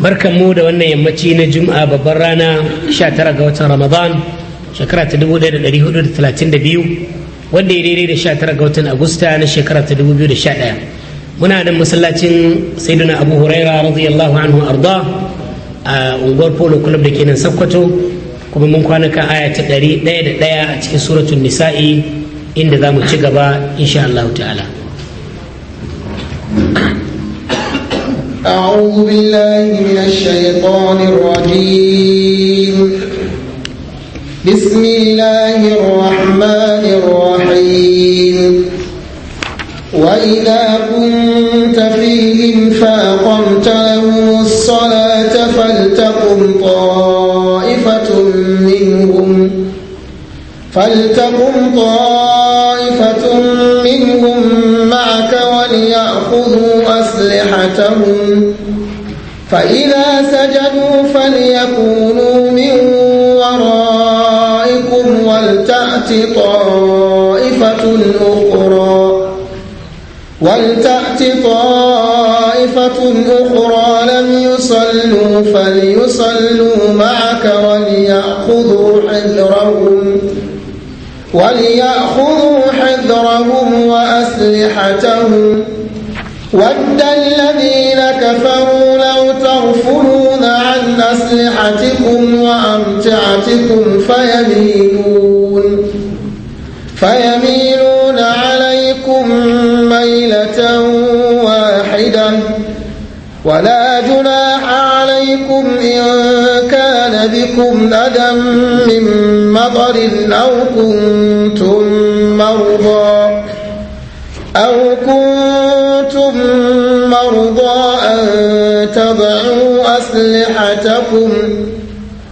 barkan mu da wannan yammaci na juma'a babban rana 19 ga watan ramadan shekara ta 1432 wanda ya daidai da 19 ga watan agusta na shekara ta 2011 muna nan masallacin saiduna abu huraira radiyallahu anhu arda a unguwar polo club da ke nan sakkwato kuma mun kwana kan aya ta 101 a cikin suratun nisa'i inda za mu ci gaba insha Allah ta'ala أعوذ بالله من الشيطان الرجيم بسم الله الرحمن الرحيم وإذا كنت فيهم فأقمت لهم الصلاة فلتقم طائفة منهم فلتقم طائفة منهم معك وليأخذوا أسلحتهم فإذا سجدوا فليكونوا من ورائكم ولتأت طائفة أخرى ولتأت طائفة أخرى لم يصلوا فليصلوا معك وليأخذوا حذرهم وليأخذوا حذرهم وأسلحتهم ود الذين كفروا أسلحتكم وأمتعتكم فيميلون فيميلون عليكم ميلة واحدة ولا جناح عليكم إن كان بكم أدى من مطر أو كنتم أسلحتكم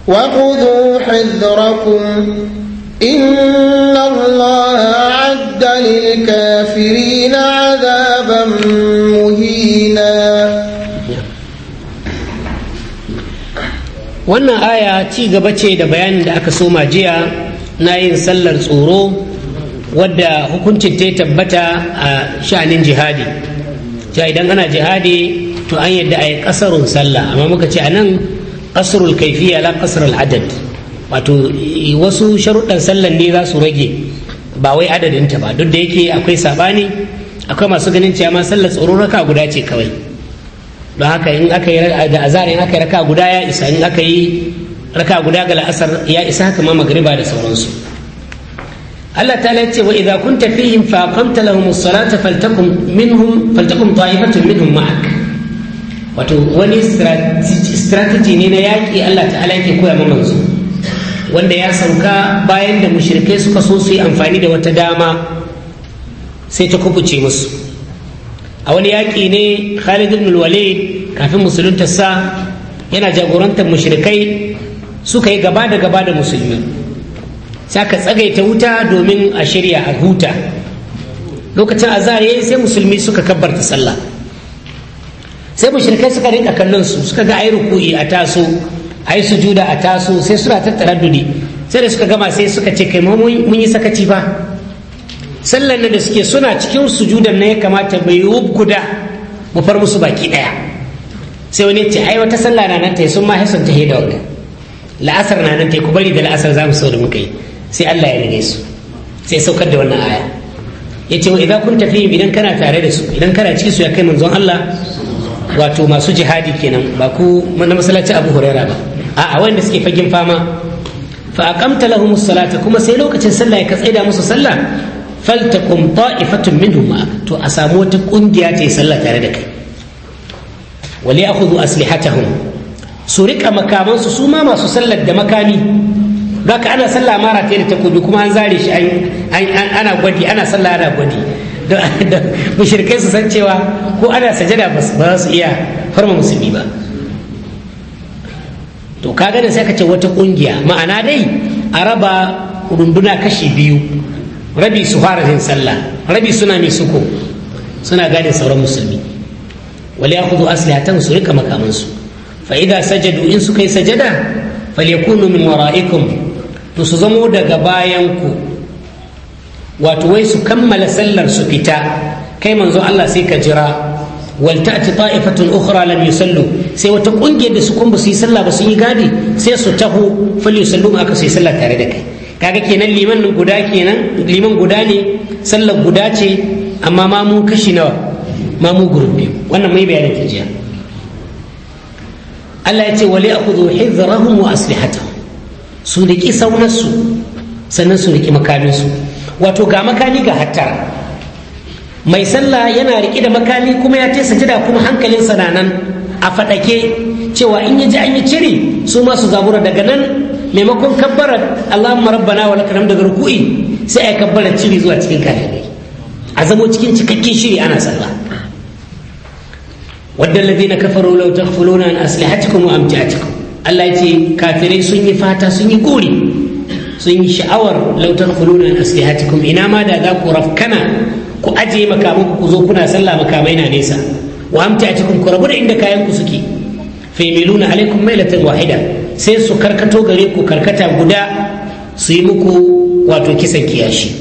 وخذوا حذركم إن الله للكافرين عذابا مهينا wannan aya ci gaba ce da bayanin da aka soma jiya na yin sallar tsoro wadda hukuncin ta tabbata a sha'anin jihadi ja idan ana jihadi to an yadda a yi ƙasarun sallah amma muka ce a nan ƙasarul kaifiya la ƙasarul adad wato wasu sharuɗan sallan ne za su rage ba wai adadinta ba duk da yake akwai saɓani akwai masu ganin cewa ma sallar tsoron raka guda ce kawai don haka in aka yi da azar in aka yi raka guda ya isa in aka yi raka guda ga la'asar ya isa haka ma magriba da sauransu Allah ta ce wa idza kunta fihim fa aqamta lahum as-salata faltakum minhum faltakum ta'ifatun minhum ma'ak wato wani strategy ne na yaƙi Allah ta'ala yake koya ma manzo wanda ya sauka bayan da mushrikai suka so su yi amfani da wata dama sai ta kubuce musu a wani yaƙi ne Khalid ibn Walid kafin musulunta sa yana jagorantar mushrikai suka yi gaba da gaba da musulmi sai aka tsagaita wuta domin a shirya a huta lokacin azhar yayi sai musulmi suka kabbarta sallah sai mushrikai suka rinka kallon su suka ga ayi ruku'i a taso ai sujuda a taso sai suna tattara dudi sai da suka gama sai suka ce kai mun yi sakaci ba sallan nan da suke suna cikin sujudan na ya kamata bai yi guda mu far musu baki daya sai wani ce ai wata sallah na nan ta sun ma hisan ta heda wannan la'asar na nan ta ku bari da la'asar za mu so da muka yi sai Allah ya rige su sai saukar da wannan aya ya ce wa idan kun tafi idan kana tare da su idan kana ciki su ya kai manzon Allah wato masu jihadi kenan ba ku na masalaci abu huraira ba a'a wanda suke fagen fama fa aqamta lahum salata kuma sai lokacin sallah ya katsaida musu sallah ifatun min minhum to a samu wata kungiya ta yi sallah tare da kai wali akhudhu aslihatahum su rika makamansu su ma masu sallar da makami Baka ana sallah mara ta da takobi kuma an zare shi ana gwadi ana sallah ana gwadi mushrikai su san cewa ko ana sajada ba za su iya farma musulmi ba to kaga da sai ka ce wata kungiya ma'ana dai a raba runduna kashi biyu rabi su fara jin sallah rabi suna mai suko suna gane sauran musulmi wali asali hatan su rika makamansu Fa'ida sajadu in suka yi sajada falyakunu min wara'ikum to su zamo daga bayan ku wato wai su kammala sallar su fita kai manzo Allah sai ka jira wal ta'ti ta'ifatun ukhra lam yusallu sai wata kungiyar da su kuma su yi sallah ba sun yi gadi sai su taho fal yusallu ma aka su yi sallah tare da kai kaga kenan liman guda kenan liman guda ne sallar guda ce amma ma mu kashi nawa ma mu gurbi wannan mai bayanin ta jiya Allah ya ce wali akhudhu hizrahum wa aslihatahum su riki saunarsu sannan su riki makaminsu wato ga makami ga hattara mai sallah yana riƙe da makami kuma ya tesa jida kuma hankalinsa na nan a faɗake cewa in ya ji an yi cire su masu zabura daga nan maimakon kabbarar allahumma rabbana wa lakal daga ruku'i sai ai kabbara cire zuwa cikin kafirai a zamo cikin cikakken shiri ana sallah wadda ladina kafaru law taghfuluna an aslihatikum wa amtiatikum Allah ya ce kafirai sun yi fata sun yi kuri sun yi sha'awar lautar kuluna na aslihatikum ina ma da za ku rafkana ku ajiye makamanku ku zo kuna sallah makamai na nesa wa amtiatikum ku rabu da inda kayan ku suke fa yamiluna alaikum mailatan wahida sai su karkato gare ku karkata guda su yi muku wato kisan kiyashi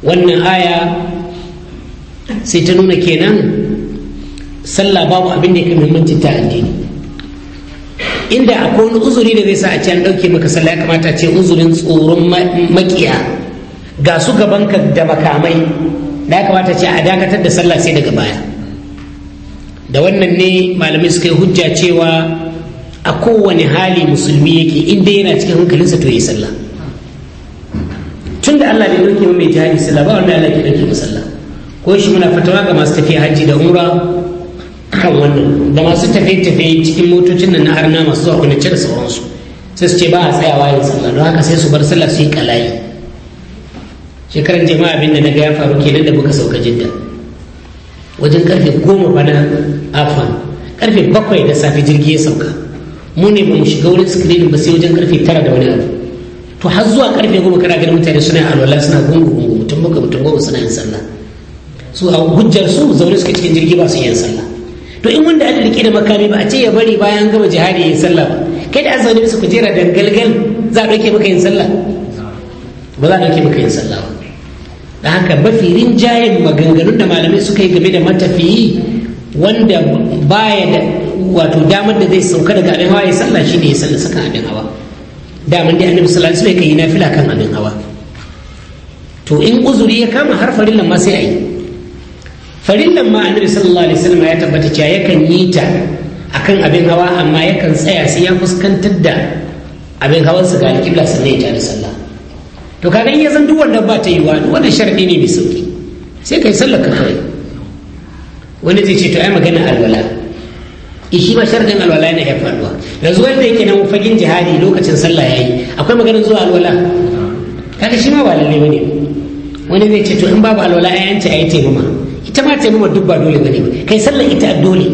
wannan aya sai ta nuna kenan sallah babu abin da ya kamar muhimmanci ta addini inda akwai wani uzuri da zai sa a ce an ɗauke maka sallah ya kamata ce uzurin tsoron makiya ga su gabanka da makamai da ya kamata ce a dakatar da sallah sai daga baya da wannan ne malamai suka yi hujja cewa a kowane hali musulmi yake inda yana cikin hankalinsa to yi sallah tun da allah bai ɗauke mai jihadi sallah ba wanda allah ke ɗauke sallah ko shi muna fatawa ga masu tafiya hajji da umra kan wannan da masu tafe-tafe cikin motocin nan na arna masu zuwa kuna da sauransu sai su ce ba a tsayawa yin sallah don haka sai su bar sallah su yi kalayi shekaran jama'a abin da na ga ya faru kenan da muka sauka jidda wajen karfe goma bana afan karfe bakwai da safe jirgi ya sauka mu ne ba mu shiga wurin screening ba sai wajen karfe tara da wani abu to har zuwa karfe goma kana ganin mutane suna alwala suna gungu gungu mutum muka mutum goma suna yin sallah su a hujjar su zaune suka cikin jirgi ba su yin sallah to in wanda aka rike da makami ba a ce ya bari bayan gama jihadi ya yi sallah ba kai da azumi bisa kujera dangalgal za a ɗauke maka yin sallah ba za a ɗauke maka yin sallah ba da haka mafi rinjayen maganganun da malamai suka yi game da matafiyi wanda baya da wato damar da zai sauka daga abin hawa ya sallah shi ne ya sallah sakan abin hawa daman dai annabi sallallahu alaihi wasallam kai nafila kan abin hawa to in uzuri ya kama har nan ma sai a yi farillan ma annabi sallallahu alaihi wasallam ya tabbata cewa yakan yi ta akan abin hawa amma yakan tsaya sai ya fuskantar da abin hawan su ga alƙibla sannan ya tada sallah to kaga in ya zan duk wannan ba ta yi wani wannan sharadi ne mai sauki sai kai sallar ka kawai wani zai ce to ai magana alwala eh, shi ma sharadin alwala yana iya faruwa yanzu wanda yake nan fagen jihadi lokacin sallah yayi akwai maganar zuwa alwala kaga shi ma ba lalle bane wani zai ce to in babu alwala ai an ce ai taimama ita ma taimama duk ba dole bane ba kai sallar ita dole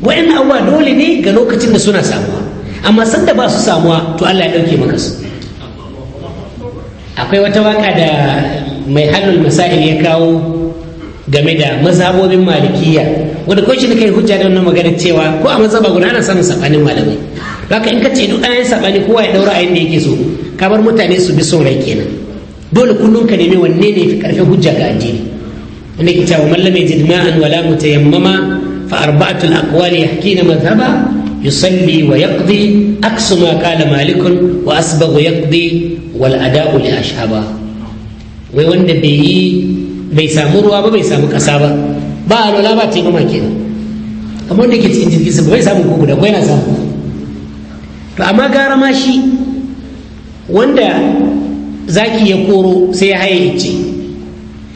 wa'in abubuwa dole ne ga lokacin da suna samuwa amma da ba su samuwa to Allah ya ɗauke maka su akwai wata waka da mai halul masail ya kawo game da mazhabobin malikiya wanda kawai da kai hujja da wannan magana cewa ko a mazhaba guda ana samun sabanin malamai haka in ka ce duk an sabani kowa ya ɗaura ayin da yake so kamar mutane su bi son rai kenan dole kullum ka neme wanne ne fi karfin hujja ga addini wanda ke cewa mallam ya jidma'an wala yammama. fa arba'atul aqwali yahkina madhhaba yusalli wa yaqdi aksu ma qala malikun wa asbaghu yaqdi wal ada'u li ashaba wai wanda bai yi bai samu ruwa ba bai samu kasa ba ba alwala ba ta taimama kenan kamar da ke cikin jirgin sama bai samu ko guda ko yana samu to amma gara ma shi wanda zaki ya koro sai ya haye ce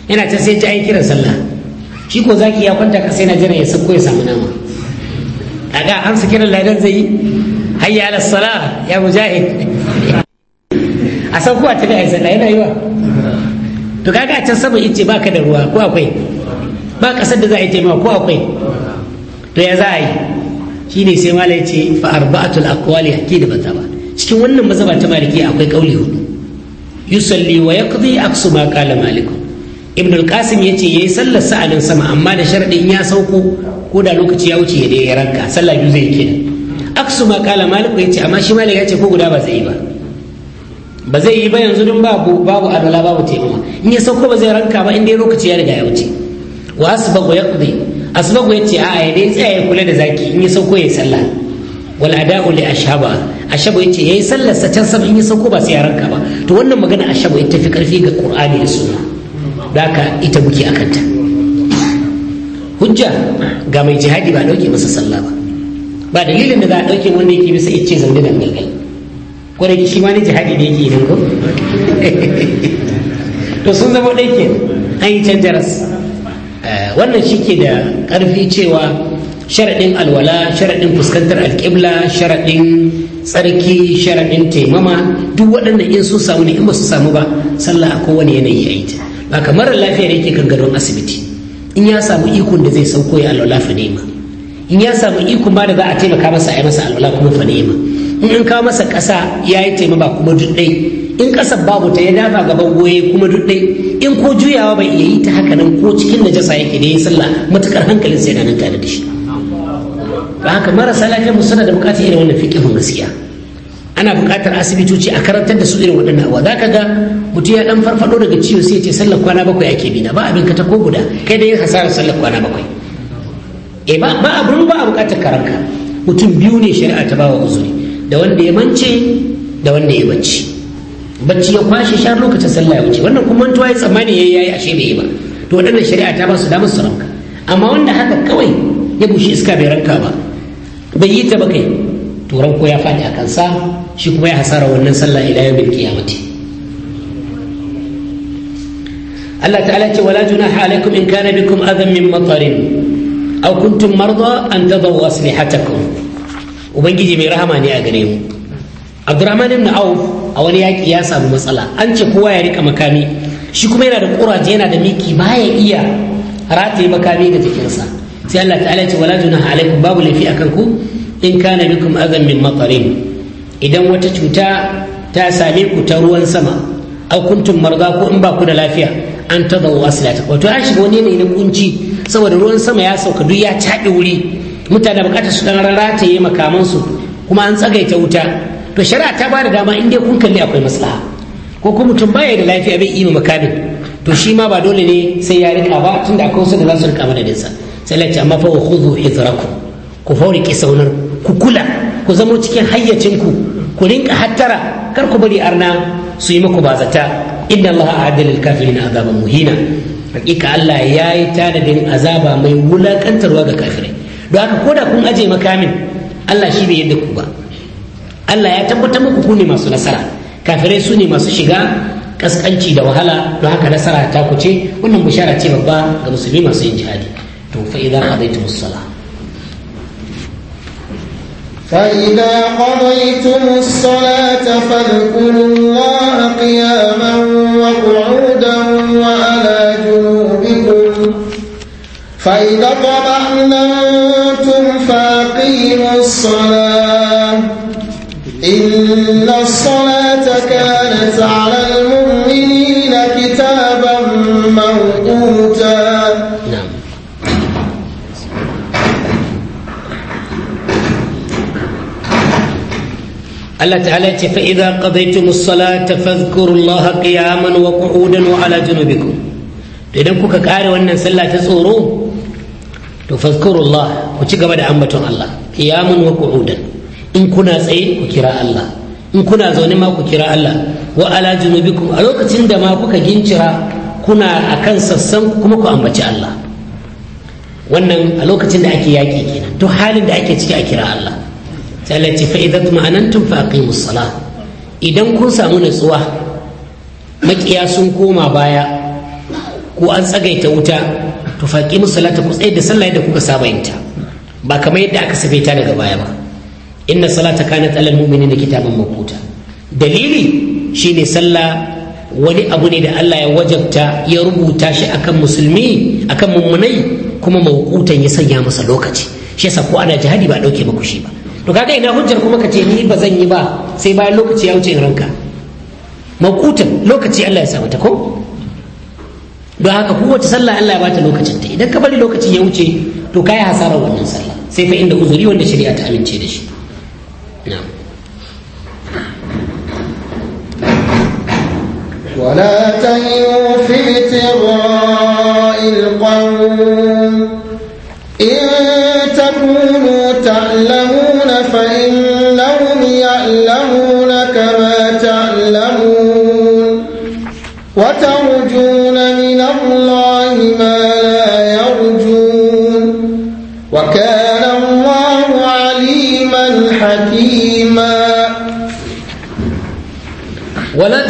yana ta sai ta aiki kiran sallah shi ko zaki ya kwanta ka sai na jira ya sako ya samu nama an su kiran ladan zai yi hayya ala sala ya mujahid a sauko a tafi a sallah yana yi wa to kaga a can sama ice baka da ruwa ko akwai ba kasar da za a yi taimaka ko akwai to ya za a yi shi ne sai malai ce fa arba'atul aqwali hakki da ba, cikin wannan mazaba ta maliki akwai kauli hudu yusalli wa yaqdi aksu ma qala malikum ibn al-qasim ya ce ya yi sallar sa'adin sama amma da sharaɗin ya sauko ko da lokaci ya wuce ya da ya ranka sallah biyu zai kina. aksu ma kala maliku ya ce amma shi malik ya ce ko guda ba zai yi ba ba zai yi ba yanzu don babu babu adala babu taimama in ya sauko ba zai ranka ba inda lokaci ya riga ya wuce wa asbagu yaqdi asbagu ya ce a'a ya dai tsaya ya kula da zaki in ya sauko ya sallah wal ada'u li ashaba ashabu yace yayi sallar sa can sama ya sauko ba sai ya ranka ba to wannan magana ashabu ita fi karfi ga qur'ani da sunna da ita muke a kanta hujja ga mai jihadi ba dauke masa sallah ba ba dalilin da za a dauke wanda yake bisa ya ce da ganga ko shi ma ne jihadi ne yake idan ko to sun zama ɗai ke an yi can jaras eh, wannan shi ke da karfi cewa sharaɗin alwala sharaɗin fuskantar alƙibla sharaɗin tsarki sharaɗin taimama duk waɗannan in sun samu ne in ba su samu ba sallah a kowane yanayi a ita ba kamar lafiyar yake kan gadon asibiti in ya samu ikon da zai sauko ya alwala fa in ya samu ikon ba da za a taimaka masa a yi masa alwala kuma fa in an kawo masa ƙasa ya yi taimaka kuma duɗɗai in ƙasar babu ta ya dafa gaban goye kuma duɗɗai in ko juyawa bai iya yi ta haka nan ko cikin najasa yake da ya sallah matukar hankalin sai nan tare da shi ba haka marasa lafiya mu suna da bukatar irin wannan fiqihun gaskiya ana bukatar asibitoci a karantar da su irin waɗannan abuwa ka ga mutum ya dan farfado daga ciwo sai ce sallar kwana bakwai ake bina ba abin ka ta ko guda kai da yin hasara sallar kwana bakwai eh ba ba abun ba bukatar karanka mutum biyu ne shari'a ta bawa uzuri da wanda ya mance da wanda ya bacci bacci ya kwashe shar lokacin sallah ya wuce wannan kuma mantuwa ya tsammani yayi yayi ashe bai yi ba to wadannan shari'a ta ba su damar su ranka amma wanda haka kawai ya bushe iska bai ranka ba bai yi ta ba kai to ranko ya faɗi a kansa shi kuma ya hasara wannan sallah ila bil kiyamati Allah ta'ala ce wala junaha alaikum in kana bikum adan min matarin aw kuntum marda an aslihatakum ubangiji mai rahama ne a gare mu Abdurrahman ibn Auf a wani yaki ya samu matsala an ce kowa ya rika makami shi kuma yana da kuraje yana da miki baya iya rataye makami da jikinsa sai Allah ta'ala ce wala junaha alaikum babu laifi akan ku in kana bikum adan min matarin idan wata cuta ta same ku ta ruwan sama aw kuntum marda ko in ba ku da lafiya an tadawu asilata wato an shiga wani yanayi na kunci saboda ruwan sama ya sauka duk ya caɓe wuri mutane bukatar su dan rataye makamansu kuma an ta wuta to shari'a ta bada dama in dai kun kalli akwai maslaha ko kuma mutum baya da lafiya bai ima makamin to shi ma ba dole ne sai ya rika ba tunda akwai wasu da za su rika da sa sai lati amma fa khudhu hidrakum ku fauri ki saunar ku kula ku zamo cikin hayyacinku ku rinka hattara kar ku bari arna su yi muku bazata inna a a'adda kafirin azaban muhina hakika Allah ya yi tanadin azaba mai wulakantarwa ga kafirai don haka koda kun aje makamin Allah shi bai yadda ku ba Allah ya tabbatar muku ku ne masu nasara kafirai su ne masu shiga kaskanci da wahala don haka nasara ta kuce wannan bishara ce babba ga musulmi masu yin jihadi to fa idza qadaytumus salah فإذا قضيتم الصلاة فاذكروا الله قياما وقعودا وعلى جنوبكم فإذا طمأنتم فأقيموا الصلاة إن الصلاة Allah ta'ala ce fa idza qadaytum as-salata fadhkurullaha qiyaman wa qu'udan wa ala junubikum to idan kuka kare wannan sallah ta tsoro to fadhkurullah ku ci gaba da ambaton Allah qiyaman wa qu'udan in kuna tsaye ku kira Allah in kuna zaune ma ku kira Allah wa ala junubikum a lokacin da ma kuka gincira kuna akan sassan kuma ku ambaci Allah wannan a lokacin da ake yaƙi kenan to halin da ake ciki a kira Allah sai Allah ce fa idza tuma'anantum idan kun samu natsuwa makiya sun koma baya ko an tsagaita wuta to faƙi musala ta ku da sallah da kuka saba yin ba kamar yadda aka safe ta daga baya ba inna salata kanat mumini mu'minina kitaban makuta dalili shine sallah wani abu ne da Allah ya wajabta ya rubuta shi akan musulmi akan mummunai kuma mawqutan ya sanya masa lokaci shi yasa ko ana jihadi ba dauke muku shi ba to kaga ina hujjar kuma ka ce ni ba zan yi ba sai bayan lokaci ya wuce in ranka makutan lokaci Allah ya samu ko don haka kowace sallah Allah ya bata lokacin ta idan ka bari lokaci ya wuce to kai hasarar wannan sallah sai fa inda uzuri wanda shari'a ta amince da shi ولا تهنوا في ابتغاء القوم إن تكونوا تعلمون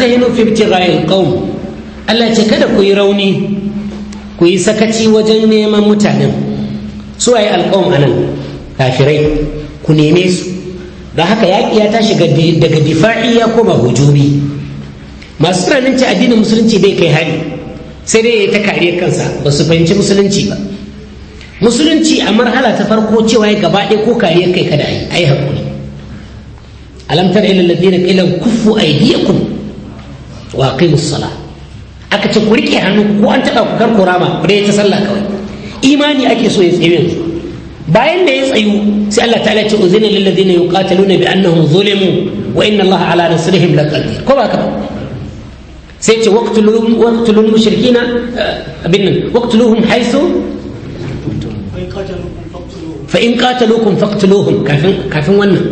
tahinu fi ibtira'il qawm Allah ce kada ku yi rauni ku yi sakaci wajen neman mutanen su ayi alqawm anan kafirai ku neme su da haka yaki ya tashi daga difa'i ya koma hujumi masu tunanin ci addinin musulunci bai kai hari sai dai ya ta kare kansa ba su fahimci musulunci ba musulunci a marhala ta farko cewa ya gaba ɗaya ko kariya kai kada a yi haƙuri alam tara ila kufu qila kuffu aydiyakum wa aqimus sala aka ce ku rike hannu ko an taba ku kar ku rama ku dai ta sallah kawai imani ake so ya tsayu bayan da ya tsayu sai Allah ta'ala ce uzina lil ladina yuqataluna bi annahum zulimu wa inna Allah ala nasrihim laqadir ko ba ka ba sai ce waqtuluhum waqtulul mushrikina eh, abin waqtuluhum haythu fa in qataluukum faqtuluhum kafin kafin wannan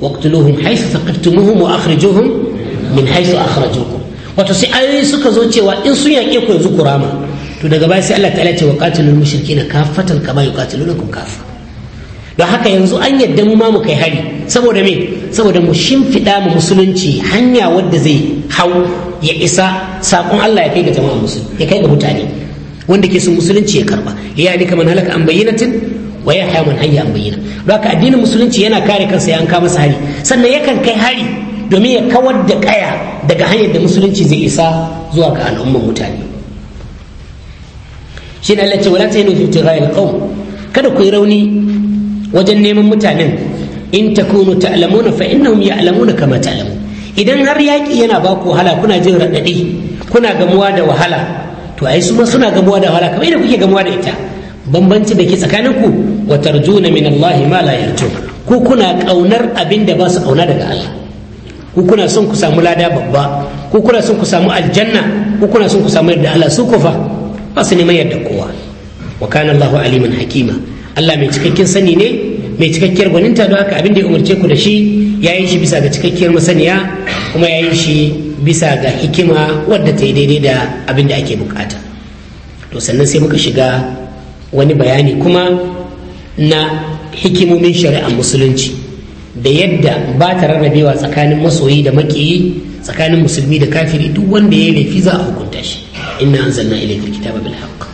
waqtuluhum haythu thaqaftumuhum wa akhrijuhum min haythu akhrajukum wato sai ayoyi suka zo cewa in sun yaƙe ku yanzu ku rama to daga baya sai Allah ta'ala ce wa qatilul mushrikeena kafatan kama yuqatilunakum kafa don haka yanzu an yadda mu ma mu kai hari saboda me saboda mu shimfiɗa mu musulunci hanya wadda zai hau ya isa saƙon Allah ya kai ga jama'a musulmi ya kai ga mutane wanda ke son musulunci ya karba ya ni kamar halaka an bayyanatin wa ya haya hayya an bayyana don haka addinin musulunci yana kare kansa ya an masa hari sannan yakan kai hari domin ya kawar da kaya daga hanyar da musulunci zai isa zuwa ga al'umman mutane shi ne Allah ce wala tahinu fi tirayil kada ku yi rauni wajen neman mutanen in takunu ta'lamuna fa innahum ya'lamuna kama ta'lamun idan har yaƙi yana ba ku wahala kuna jin raɗaɗi kuna gamuwa da wahala to ai su ma suna gamuwa da wahala kamar yadda kuke gamuwa da ita bambanci da ke tsakanin wa tarjuna min Allah ma la ku kuna kaunar abin da ba su kauna daga Allah ku kuna son ku samu lada babba ku kuna son ku samu aljanna ku kuna son ku samu yarda Allah su kufa ba su neman yarda kowa wa kana Allahu aliman hakima Allah mai cikakken sani ne mai cikakkiyar gwaninta don haka abin da ya umarce ku da shi ya yi shi bisa ga cikakkiyar masaniya kuma ya yi shi bisa ga hikima wadda ta yi daidai da abin da ake bukata to sannan sai muka shiga wani bayani kuma na hikimomin shari'ar musulunci da yadda ba ta rarrabewa tsakanin masoyi da makiyi tsakanin musulmi da kafiri duk wanda ya yi laifi za a hukunta shi inna anzalna ilayka alkitaba bil haqq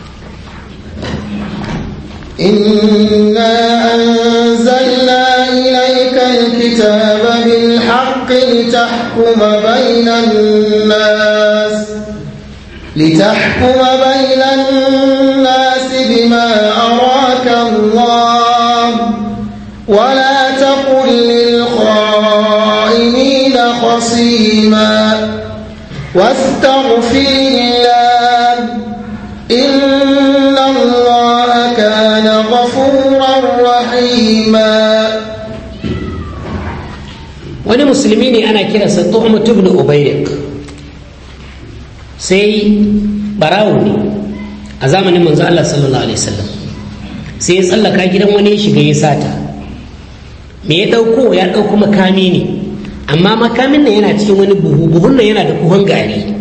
inna anzalna ilayka alkitaba bil haqq litahkuma bainan nas litahkuma bainan nas bima ara الله ولا تقل للخائنين خصيما واستغفر الله إن الله كان غفورا رحيما وانا مسلميني انا كده ستطعم تبن أبيرك سي براوني أزامن من الله صلى الله عليه وسلم sai ya tsallaka gidan wani ya shiga ya sata me ya ɗauko ya ɗauko makami ne amma makamin nan yana cikin wani buhu buhun nan yana da buhun gari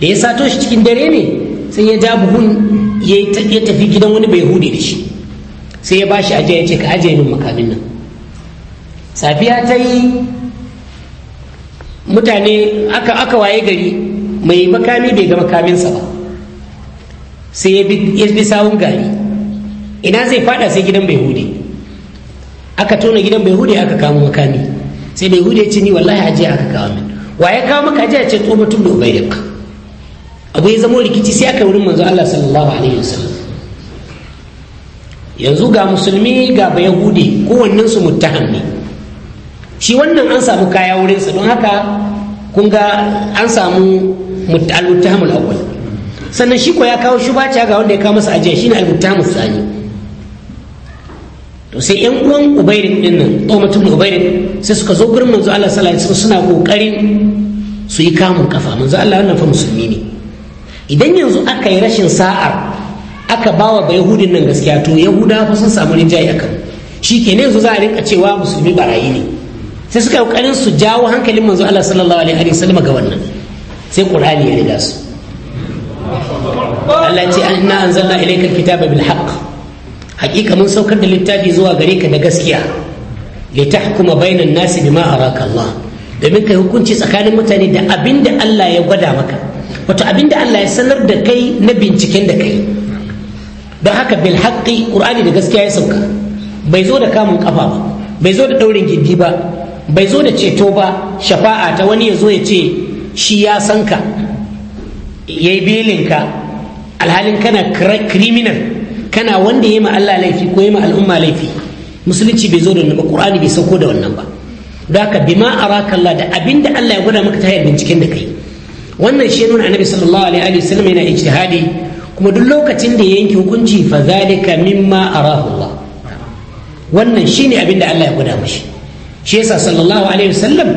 da ya sato shi cikin dare ne sai ya ja buhun ya tafi gidan wani bai hude da shi sai ya bashi ajiya ya ce ka ajiye min makamin nan safiya ta yi mutane aka waye gari mai makami bai ga makaminsa ba sai ya bi sawun gari ina zai fada sai gidan bai hude aka tona gidan bai hude aka kamo makami sai bai hude ce ni wallahi ajiya aka kawo min wa ya kawo maka ajiya ce tsoba tun da ubaidaka abu ya zama rikici sai aka wurin manzo Allah sallallahu alaihi wasallam yanzu ga musulmi ga ba yahudi kowannen su muttaham ne shi wannan an samu kaya wurinsa don haka kun ga an samu al awwal sannan shi ko ya kawo shubaca ga wanda ya kawo masa ajiya shine al-muttahamul Sani. to sai yan uwan ubairin din nan tsomatun ubairin sai suka zo gurin manzo Allah sallallahu alaihi wasallam suna kokarin su yi kamun kafa manzo Allah wannan fa musulmi ne idan yanzu aka yi rashin sa'ar aka bawa ba yahudin nan gaskiya to yahuda fa sun samu rinjaye akan shi ke ne yanzu za a rinka cewa musulmi barayi ne sai suka kokarin su jawo hankalin manzo Allah sallallahu alaihi wasallam ga wannan sai qur'ani ya riga su Allah ce anna anzalna ilayka alkitaba bil haqq hakika mun saukar da littafi zuwa gare ka da gaskiya li tahkuma bainan nasi bima araka Allah domin kai hukunci tsakanin mutane da abin da Allah ya gwada maka wato abin da Allah ya sanar da kai na binciken da kai don haka bil haqqi qur'ani da gaskiya ya sauka bai zo da kamun kafa ba bai zo da ɗaurin gindi ba bai zo da ceto ba shafa'a ta wani ya zo ya ce shi ya san ka yayi bilinka alhalin kana criminal kana wanda ya ma Allah laifi ko ya ma al'umma laifi musulunci bai zo da wannan ba qur'ani bai sauko da wannan ba don haka bima araka Allah da abinda Allah ya gwada maka ta hanyar binciken da kai wannan shi nuna annabi sallallahu alaihi wa sallam yana ijtihadi kuma duk lokacin da ya yanke hukunci fa zalika mimma arahu Allah wannan shine abinda Allah ya gwada mashi shi yasa sallallahu alaihi wa sallam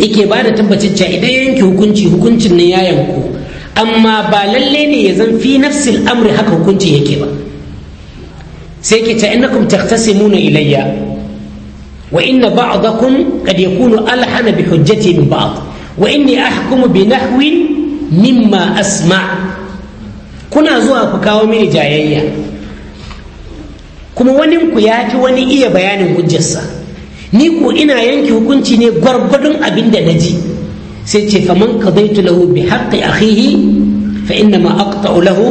yake bada tabbacin cewa idan ya yanke hukunci hukuncin ne ya yanku amma ba lalle ne ya zan fi nafsil amri haka hukunci yake ba sai ke ta innakum taqtasimuna ilayya wa inna ba'dakum qad yakunu alhana bi hujjati min ba'd wa inni ahkumu bi nahwin mimma asma kuna zuwa ku kawo mini jayayya kuma wani ku ya fi wani iya bayanin hujjarsa ni ko ina yanke hukunci ne gwargwadon abin da na ji sai ce faman qadaitu lahu bi haqqi akhihi fa inna ma aqta'u lahu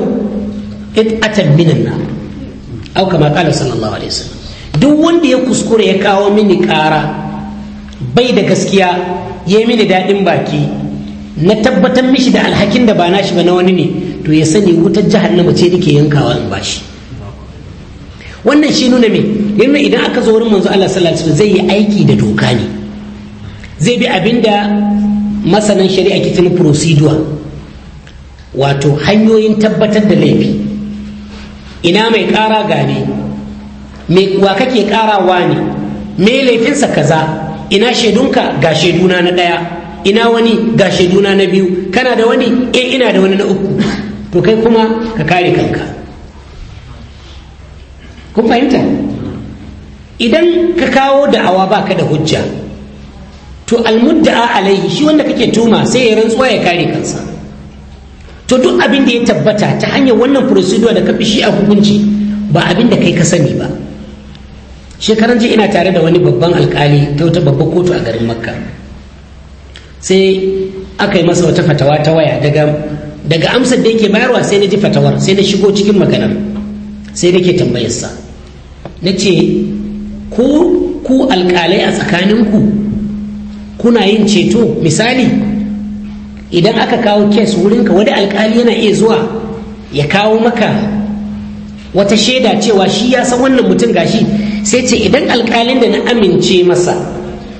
qit'atan minan nar aw kama qala sallallahu alaihi wasallam duk wanda ya kuskure ya kawo mini ƙara bai da gaskiya ya yi mini daɗin baki na tabbatar mishi da alhakin da ba nashi ba na wani ne to ya sani wutar jahannama ce nake yankawa in bashi wannan shi nuna me yana idan aka zo wurin manzo Allah sallallahu alaihi zai yi aiki da doka ne zai bi abinda masanan shari'a kitin procedure wato hanyoyin tabbatar da laifi ina mai ƙara gane wa kake ƙarawa ne me laifinsa kaza ina shaidunka ga shaiduna na ɗaya ina wani ga shaiduna na biyu kana da wani eh ina da wani na uku to kai kuma ka kare kanka kun fahimta idan ka kawo da'awa baka da hujja to almudda'a alaihi shi wanda kake tuma sai ya rantsuwa ya kare kansa to duk abin da ya tabbata ta hanyar wannan procedure da kafi shi a hukunci ba abin da kai ka sani ba shekaran ji ina tare da wani babban alkali ta wata babbar kotu a garin makka sai aka yi masa wata fatawa ta waya daga daga amsar da yake bayarwa sai na ji fatawar sai na shigo cikin maganar sai nake tambayarsa na ce ku ku alkalai a tsakaninku kuna yin ceto misali idan aka kawo kes wurinka wani alkali yana iya zuwa ya kawo maka wata shaida cewa shi ya san wannan mutum gashi sai ce idan alkalin da na amince masa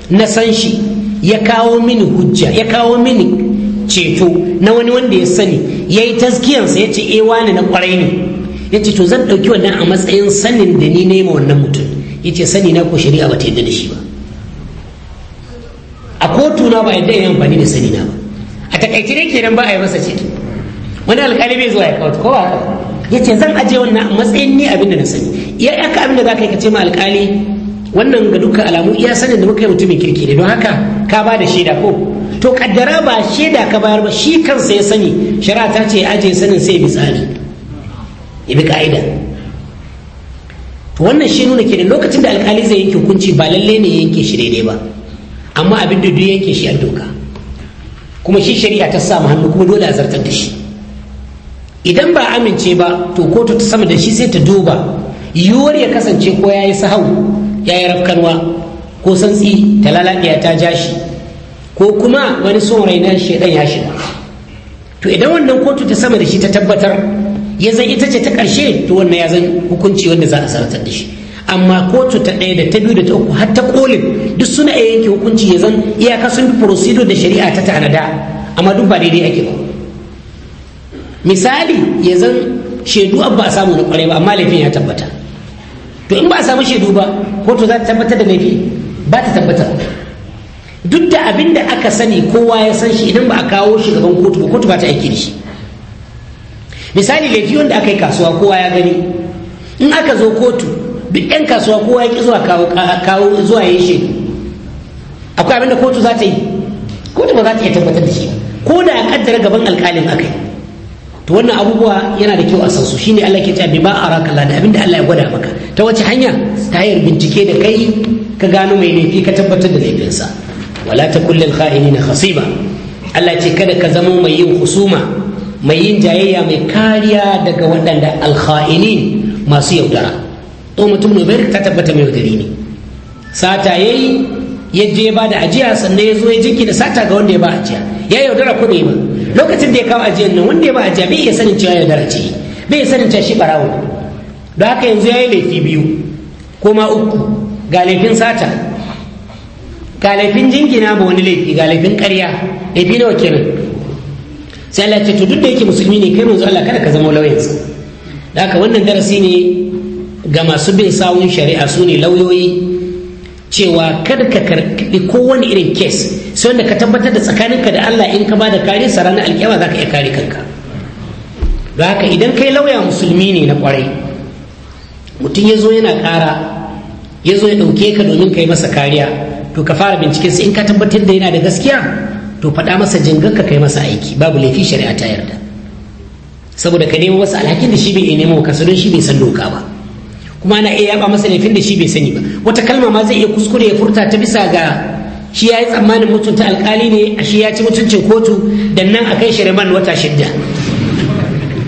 na san shi ya kawo mini hujja ya kawo mini ceto na wani wanda ya sani ya yi taskiyarsa ya ce ewa eh, ne na kwarai ne ya ce to zan ɗauki wannan a matsayin sanin da ni nema wannan mutum ya ce sani na ko shari'a ba ta yadda da shi ba a kotu na ba yadda yin amfani da sani na ba a takaice ne kenan ba a yi masa ce wani alƙali bai zuwa ya kawo ko ba ya ce zan aje wannan matsayin ni abin da na sani iya yaka abin da za ka yi ka ce ma alkali wannan ga dukkan alamu iya sanin da muka yi mutumin kirki ne don haka ka ba da shaida ko to kaddara ba shaida ka bayar ba shi kansa ya sani shari'a ta ce aje sanin sai misali ya bi ka'ida to wannan shi nuna kenan lokacin da alkali zai yanke hukunci ba lalle ne ya yanke shi daidai ba amma abin da duk yake shi a doka kuma shi shari'a ta samu hannu kuma dole a zartar da shi idan ba amince ba to kotu ta sama da shi sai ta duba yiwuwar ya kasance ko ya yi sahau ya yi rafkanwa ko santsi ta lalaɗiya ta ja shi ko kuma wani son na shaidan ya shiga to idan wannan kotu ta sama da shi ta tabbatar ya zan ita ce ta karshe to wannan ya zan hukunci wanda za a sartar da shi amma kotu ta ɗaya da ta biyu da ta uku har ta kolin duk suna iya yanke hukunci ya zan iyaka sun bi procedure da shari'a ta tanada amma duk ba daidai ake ba misali ya zan shaidu an ba a samu na kwarai ba amma laifin ya tabbata to in ba a samu shaidu ba kotu za ta tabbatar da laifi ba ta tabbatar duk da abin da aka sani kowa ya san shi idan ba a kawo shi gaban kotu ba kotu ba ta aiki da shi misali laifi wanda aka yi kasuwa kowa ya gani in aka zo kotu duk 'yan kasuwa kowa ya ƙi zuwa kawo zuwa ya yi akwai abinda kotu za ta yi kotu ba za ta iya tabbatar da shi ko da a kaddara gaban alƙalin akai to wannan abubuwa yana da kyau a san su shine Allah ke cewa ba a la da abinda Allah ya gwada maka ta wace hanya ta hanyar bincike da kai ka gano mai laifi ka tabbatar da laifinsa wala takul lil na khasiba Allah ce kada ka zama mai yin husuma mai yin jayayya mai kariya daga waɗanda alkha'inin masu yaudara mutum nubair ta tabbata mai gari ne sata ya yi ya ba da ajiya sannan ya zo ya jinki da sata ga wanda ya ba ajiya ya yaudara kuɗi ba lokacin da ya kawo ajiyar nan wanda ya ba ajiya bai iya sanin cewa ya yaudara ce bai iya sanin cewa shi barawo don haka yanzu ya yi laifi biyu ko ma uku ga laifin sata ga laifin jingina ba wani laifi ga laifin ƙarya laifi nawa kenan sai Allah ya ce to duk da yake musulmi ne kai manzo Allah kada ka zama lauyansa da haka wannan darasi ne ga masu bin sawun shari'a su ne lauyoyi cewa kada ka karɓi kowane irin kes sai wanda ka tabbatar da tsakaninka da Allah in ka bada kare sa ranar alkiyama za ka iya kare kanka ga haka idan kai lauya musulmi ne na kwarai mutum ya zo yana ƙara ya zo ya ɗauke ka domin ka yi masa kariya to ka fara binciken in ka tabbatar da yana da gaskiya to faɗa masa jingar ka kai masa aiki babu laifi shari'a ta yarda saboda ka nemo wasu alhakin da shi bai nemo ka don shi bai san doka ba kuma ana iya yaba masa laifin da shi bai sani ba wata kalma ma zai iya kuskure ya furta ta bisa ga shi ya yi tsammanin mutunta alkali ne a shi ya ci mutuncin kotu da nan a kai shirman wata shidda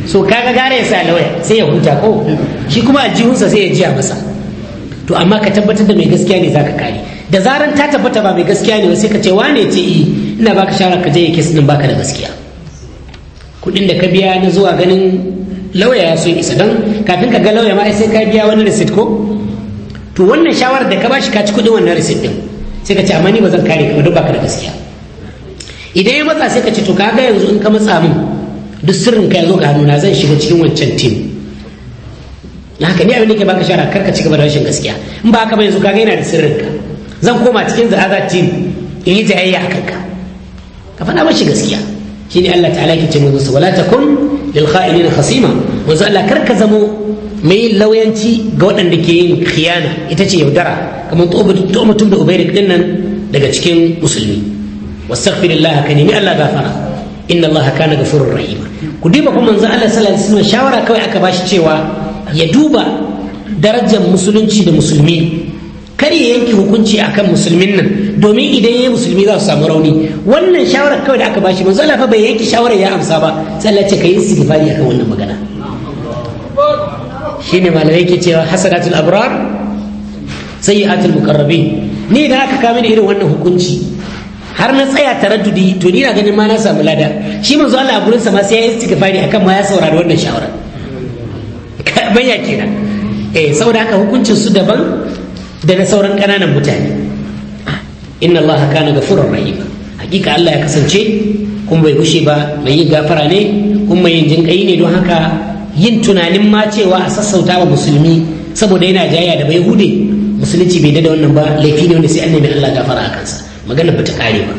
so ga gara ya sa lawaya sai ya huta ko shi kuma aljihunsa sai ya jiya masa to amma ka tabbatar da mai gaskiya ne zaka kare da zaran ta tabbata ba mai gaskiya ne sai ka ce wane ce i ina baka shara ka je ya kes din baka da gaskiya kuɗin da ka biya na zuwa ganin lauya ya so isa don kafin ka ga lauya ma sai ka biya wani receipt ko to wannan shawarar da ka bashi ka ci kudin wannan receipt din sai ka ce amma ni ba zan kare ka duk baka da gaskiya idan ya matsa sai ka ce to kaga yanzu in ka matsa min duk sirrin ka ya zo ga hannuna zan shiga cikin wancan team na haka ni abin da ke baka shara karka ci gaba da rashin gaskiya in ba haka ba yanzu kaga yana da sirrin ka zan koma cikin the other team in yi jayayya a kanka ka faɗa mashi gaskiya shine Allah ta'ala yake ce mu musu wala takum lil kha'inina khasima manzo Allah kar ka zamo mai lauyanci ga waɗanda ke yin khiyana ita ce yaudara kamar tu'matum da ubairik din nan daga cikin musulmi wastaghfirillah ka nemi Allah gafara inna Allah kana ghafurur rahim ku diba kuma manzo Allah sallallahu alaihi wasallam shawara kawai aka bashi cewa ya duba darajar musulunci da musulmi kar ya yanke hukunci akan musulmin nan domin idan ya yi musulmi za su samu rauni wannan shawarar kawai da aka bashi manzo Allah fa bai yanke shawarar ya amsa ba sai Allah ce kai istighfari akan wannan magana shine malamai ke cewa hasanatul abrar sayyi'atul muqarrabin ni da aka kawo ni irin wannan hukunci har na tsaya taraddudi to ni na ganin ma na samu lada shi manzo Allah a gurin sa ma sai ya istighfari akan ma ya saurari wannan shawara bayya kenan eh saboda haka hukuncin su daban da na sauran ƙananan mutane inna Allah kana gafurar rahim hakika Allah ya kasance kuma bai gushe ba mai yin gafara ne mai yin jinƙai ne don haka yin tunanin ma cewa a sassauta wa musulmi saboda yana jaya da bai hude musulunci bai dada wannan ba laifi ne wanda sai annabi Allah gafara a kansa magana ba ta kare ba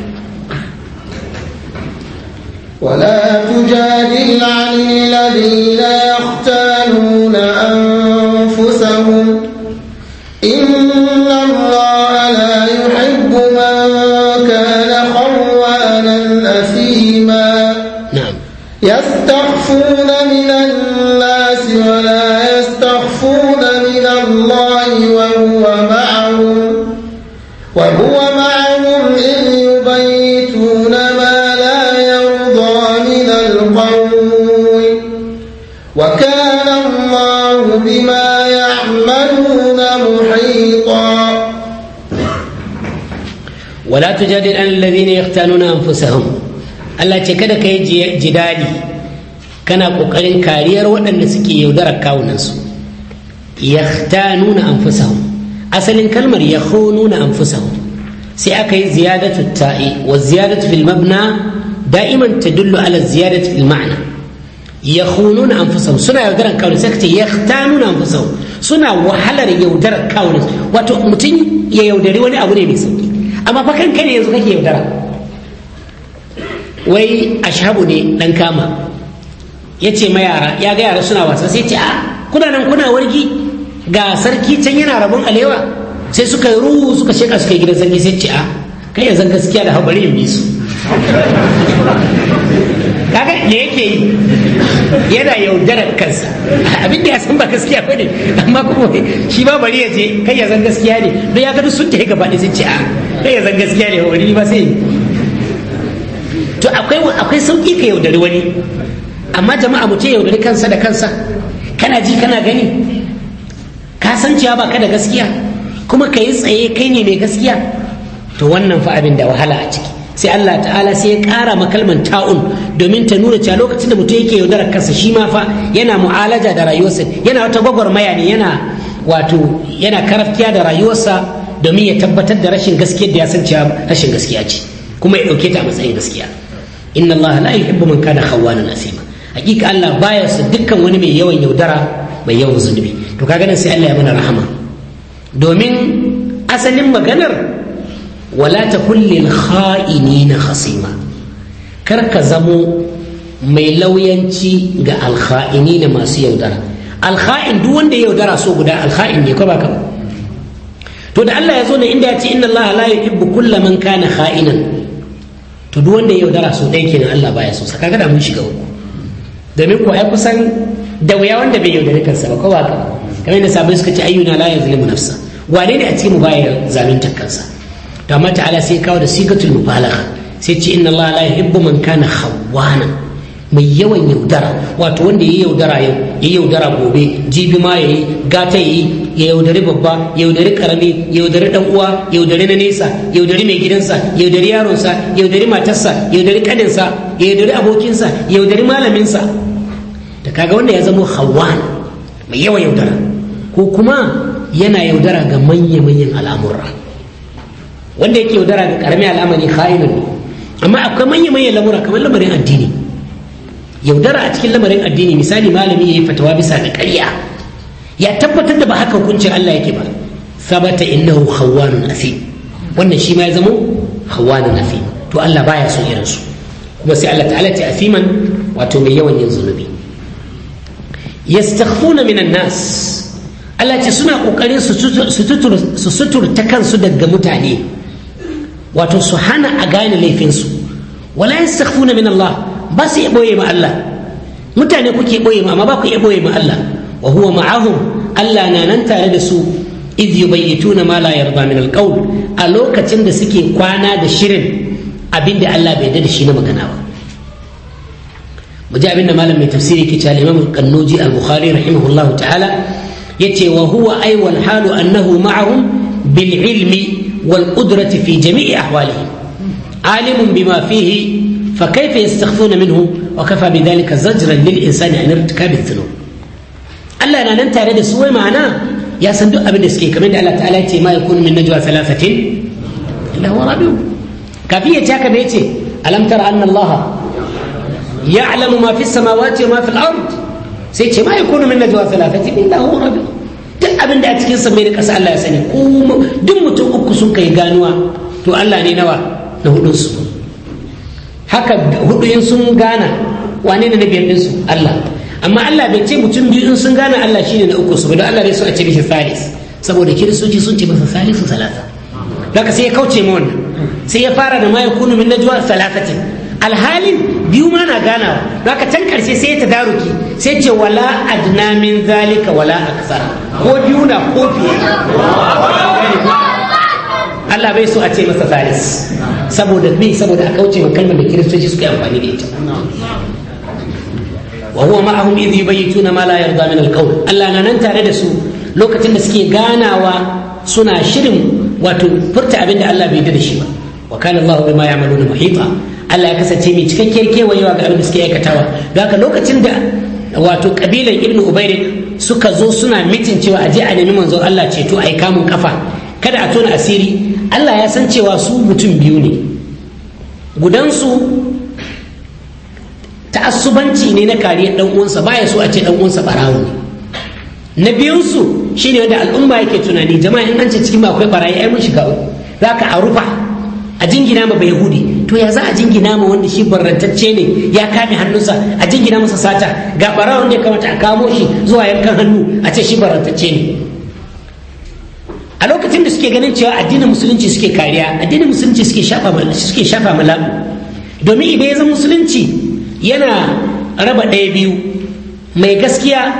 ولا تجادل عن الذين يختالون يستخفون من الناس ولا يستخفون من الله وهو معهم وهو معهم إذ يبيتون ما لا يرضى من القول وكان الله بما يعملون محيطا ولا تجادل عن الذين يختانون أنفسهم الله ce kada جدالي kana ƙoƙarin kariyar waɗanda suke yaudarar kawunansu ta yahtanuna anfusahum asalin kalmar yakhununa anfusahum sai aka yi ziyadatu ta'i wa ziyadatu fil mabna da'iman tadullu ala ziyadatu fil ma'na yakhununa anfusahum suna yaudarar kawunan sai kace yahtanuna anfusahum suna wahalar yaudarar kawunan wato mutum ya yaudari wani abu ne mai sauki amma fa kanka ne yanzu kake yaudara wai ashabu ne dan kama ya ce ma yara ya ga yara suna wasa sai ce a ah, kuna nan kuna wargi ga sarki can yana rabon alewa sai suka yi ruhu suka sheka suka yi gidan sarki sai ce a ah, kai yanzu gaskiya da haɓari in bi su kaga me yake yi yana yaudarar kansa abin da ya san ba gaskiya ba ne amma kuma shi ba bari ya je kai ya zan gaskiya ne don ya gani sun tafi gaba sun ce a ah, kai ya zan gaskiya ne wani ba sai to akwai akwai sauki ka yaudari wani amma jama'a mutum ya yaudari kansa da kansa kana ji kana gani ka san cewa ba ka da gaskiya kuma ka yi tsaye kai ne mai gaskiya to wannan fa abin da wahala a ciki sai Allah ta'ala sai ya ƙara kalman ta'un domin ta nuna cewa lokacin da mutum yake yaudarar kansa shi ma fa yana mu'alaja da rayuwarsa yana wata gwagwarmaya ne yana wato yana karafkiya da rayuwarsa domin ya tabbatar da rashin gaskiya da ya san cewa rashin gaskiya ce kuma ya ɗauke ta a matsayin gaskiya inna Allah la yuhibbu man kana na Nasima. hakika Allah baya su dukkan wani mai yawan yaudara mai yawan zunubi to ka ganin sai Allah ya mana rahama domin asalin maganar wala ta kullin kha'ini na hasima kar ka zamo mai lauyanci ga alkha'ini na masu yaudara alkha'in duk wanda yaudara so guda alkha'in ne ko baka to da Allah ya zo na inda ya ce inna Allah la yuhibbu kulla man kana kha'inan to duk wanda yaudara so ɗaya kenan Allah baya so saka gada mun shiga uku domin kuwa ai kusan da wuya wanda bai yaudare sa ba kowa ka kamar da sabai suka ce ayyuna la mu nafsa wane ne a cikin mu baya zalunta kansa to amma ta'ala sai kawo da sigatul mubalagha sai ce inna allaha la yuhibbu man kana khawana mai yawan yaudara wato wanda ya yaudara yau ya yaudara gobe jibi ma ya yi gata ya yi ya yaudari babba ya yaudari karami ya yaudari dan uwa ya yaudari na nesa ya yaudari mai gidansa ya yaudari yaronsa ya yaudari matarsa ya yaudari kadinsa ya yaudari abokinsa ya yaudari malaminsa da kaga wanda ya zama hawan mai yawan yaudara ko kuma yana yaudara ga manya-manyan al'amurra wanda yake yaudara ga karami al'amari kha'inun amma akwai manya-manyan lamura kamar lamarin addini yaudara a cikin lamarin addini misali malami ya yi fatawa bisa da ƙarya ya tabbatar da ba haka hukuncin Allah yake ba sabata innahu khawwanun asim wannan shi ma ya zamo khawwanun asim to Allah baya son irin su kuma sai Allah ta'ala ta asiman wato mai yawan yin zunubi yastakhfuna minan nas Allah ce suna kokarin su su ta kansu daga mutane wato su hana a gane laifinsu wala yastakhfuna min Allah ba su iya ɓoye ma Allah mutane kuke ɓoye ma amma ba ku iya ɓoye ma Allah wa huwa ma'ahum Allah na nan tare da su idh yubayyituna ma la yarda min alqawl a lokacin da suke kwana da shirin abinda Allah bai yarda da shi na magana ba mu abinda malam mai tafsiri ke cewa Imam Qannuji al-Bukhari rahimahullahu ta'ala yace wa huwa ay wal halu annahu ma'ahum bil ilmi wal qudrati fi jami'i ahwalihim alimun bima fihi فكيف يستخفون منه وكفى بذلك زجرا للإنسان عن ارتكاب الذنوب Allah na nan tare da su wai ma'ana ya san duk abin da suke kamar da Allah ta'ala ce ma ya kunu min najwa thalathatin illa huwa rabiu kafin ya ce haka yace alam tara anna Allah ya'lamu ma fi samawati wa ma sai ce ma illa duk abin da a cikin samai da ƙasa Allah ya sani duk mutum uku sun kai ganuwa to Allah ne nawa na hudunsu su haka hudu in sun gana wane ne na biyar su? Allah amma Allah bai ce mutum biyu in sun gana Allah shine na uku su bai don Allah bai so a ce mishi salis saboda kiristoci sun ce masa salisu salasa daga sai ya kauce ma wannan sai ya fara da ma ya kunu min najwa salasatin alhalin biyu ma na ganawa daga can karshe sai ya tadaruki sai ce wala adna min zalika wala aksara ko biyu na ko fiye Allah bai so a ce masa salis saboda me saboda a kauce wa kalmar da kiristoci suka amfani da ita wa huwa ma'ahum idh yubayituna ma la yarda min al-qawl Allah na nan tare da su lokacin da suke ganawa suna shirin wato furta abin da Allah bai yarda da shi ba wa kana Allah bima ya'maluna muhita Allah ya kasance mai cikakkiyar kewayewa ga abin da suke aikatawa Gaka lokacin da wato kabilan ibnu ubairin suka zo suna mitin cewa aje a nemi manzon Allah ceto ai kamun kafa kada a tona asiri allah ya san cewa su mutum biyu ne gudansu ta'assubanci ne na kariyar dan uwansa ya so a ce dan uwansa barawo ne na biyunsu shine wanda al'umma yake tunani jama'a in an ce cikin akwai barayi ai mun shiga zaka a rufa a jingina ma bai yahudi to ya za a jingina ma wanda shi barantacce ne ya kame hannunsa a jingina masa sata ga barawon da ya kamata a kamo shi zuwa yankan hannu a ce shi barantacce ne a lokacin da suke ganin cewa addinin musulunci suke kariya addinin musulunci suke shafa suke shafa malamu domin idan ya zama musulunci yana raba ɗaya biyu mai gaskiya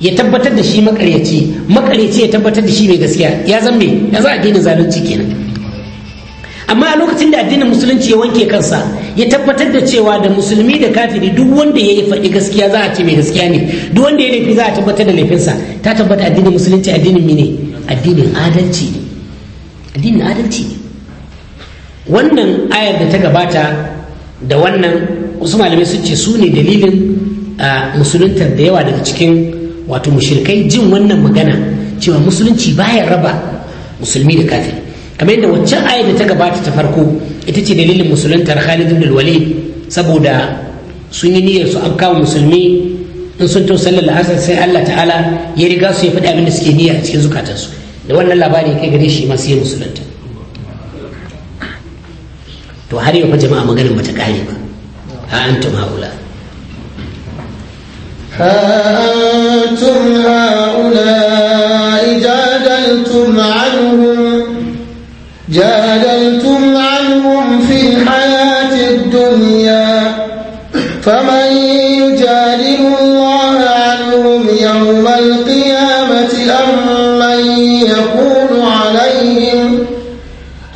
ya tabbatar da shi makaryaci makaryaci ya tabbatar da shi mai gaskiya ya zan me ya za addinin zalunci kenan amma a lokacin da addinin musulunci ya wanke kansa ya tabbatar da cewa da musulmi da kafiri duk wanda ya yi faɗi gaskiya za a ce mai gaskiya ne duk wanda ya laifi za a tabbatar da laifinsa ta tabbata addinin musulunci addinin mine addinin adalci ne addinin adalci ne wannan ayar da ta gabata da wannan wasu malamai sun ce su ne dalilin musuluntar da yawa daga cikin wato mushirkai jin wannan magana cewa musulunci baya raba musulmi da kafiri kamar yadda waccan ayar da ta gabata ta farko ita ce dalilin musuluntar Khalid ibn Walid saboda sun yi niyyar su afkawa musulmi in sun tau sallar la'asar sai Allah ta'ala ya riga su ya faɗi abin da suke niyya a cikin zukatansu da wannan labari kai gare shi masu yin musulunta to har yau fa jama'a maganin bata kare ba ha antum haula ha antum haula ijadaltum anhum jaa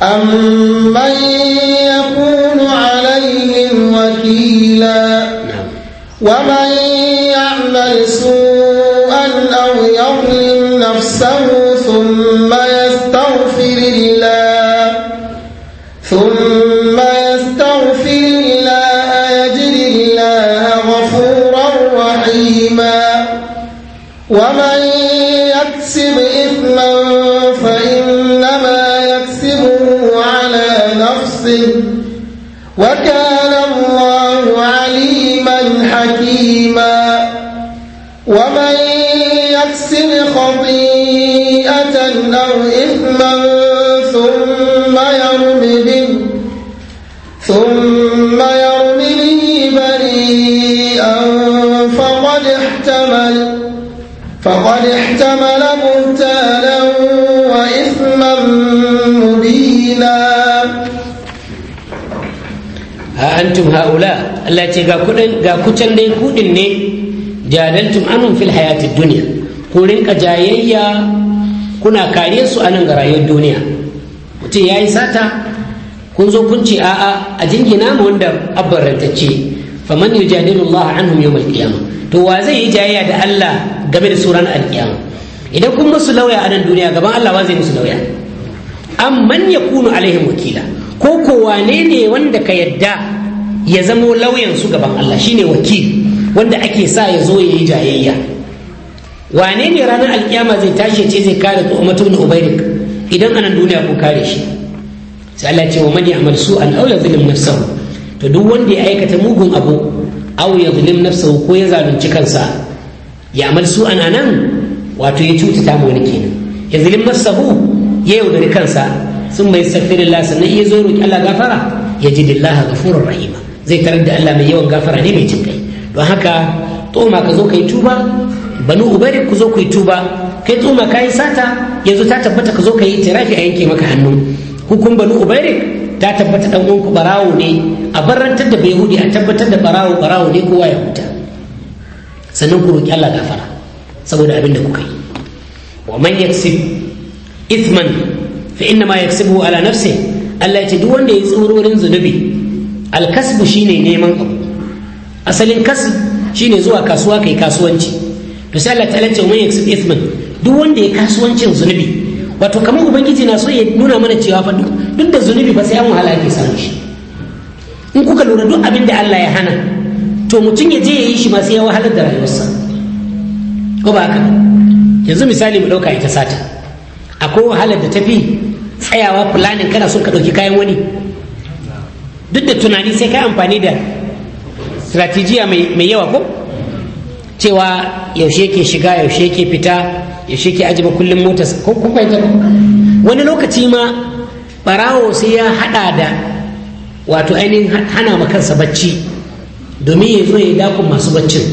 أمن يكون عليهم وكيلا نعم. ومن يعمل سوءا أو يظلم نفسه ثم ومن يكسب خطيئة أو إثما ثم يرم به ثم يرم به بريئا فقد احتمل فقد احتمل بهتانا وإثما مبينا ها أنتم هؤلاء التي قاكتن دي كودن jadaltum anhum fil hayati dunya ku rinka jayayya kuna kare su a nan ga rayuwar duniya mutum yayi sata kun zo kun ce a'a a jingina mu wanda abban rantacce man yujadilu Allah anhum yawmal qiyamah to wa zai yi jayayya da Allah game da suran alkiyama idan kun musu lauya a nan duniya gaban Allah wa zai musu lauya amman yakunu alaihim wakila ko ko wane ne wanda ka yadda ya zamo lauyan su gaban Allah shine wakil wanda ake sa ya zo ya yi jayayya wane ne ranar alkiyama zai tashi ce zai kare ku umatu ibn idan anan duniya ko kare shi sai Allah ce wa man ya'mal su'an aw yadhlim nafsahu to duk wanda ya aikata mugun abu aw yadhlim nafsahu ko ya zalunci kansa ya'mal su'an anan wato ya cutata mu wani kenan yadhlim nafsahu ya yaudari kansa sun mai safirillah sannan iya zo roki Allah gafara ya ji dillaha gafurur rahima zai tarar da Allah mai yawan gafara ne mai jin kai don haka tsoma ka zo ka yi tuba banu ubari ku zo ku yi tuba kai tsoma ka yi sata yanzu ta tabbata ka zo ka yi tirafi a yanke maka hannu Kukun banu ubari ta tabbata dan uwanku barawo ne a barantar da bai hudi a tabbatar da barawo barawo ne kowa ya huta sannan ku roki Allah gafara saboda abin da kuka yi wa man yaksib ithman fa inna ma yaksibu ala nafsihi Allah ya ce duk wanda ya tsoro wurin zunubi alkasbu shine neman abu asalin kasb shine zuwa kasuwa kai kasuwanci to sai Allah ta'ala ce mai ismin duk wanda ya kasuwancin zunubi wato kamar ubangiji na so ya nuna mana cewa fa duk da zunubi ba sai an wahala ke samu shi in kuka lura duk abin da Allah ya hana to mutum ya je ya yi shi ma sai ya wahalar da rayuwarsa ko ba haka yanzu misali mu dauka ita sata akwai wahalar da tafi tsayawa planning kana so ka dauki kayan wani duk da tunani sai kai amfani da strategiya mai yawa ko cewa yaushe ke shiga yaushe ke fita yaushe ke ajiye kullum mota ko ita wani lokaci ma barawo sai ya hada da wato ainihin hana ma kansa bacci domin ya zo ya dakon masu baccin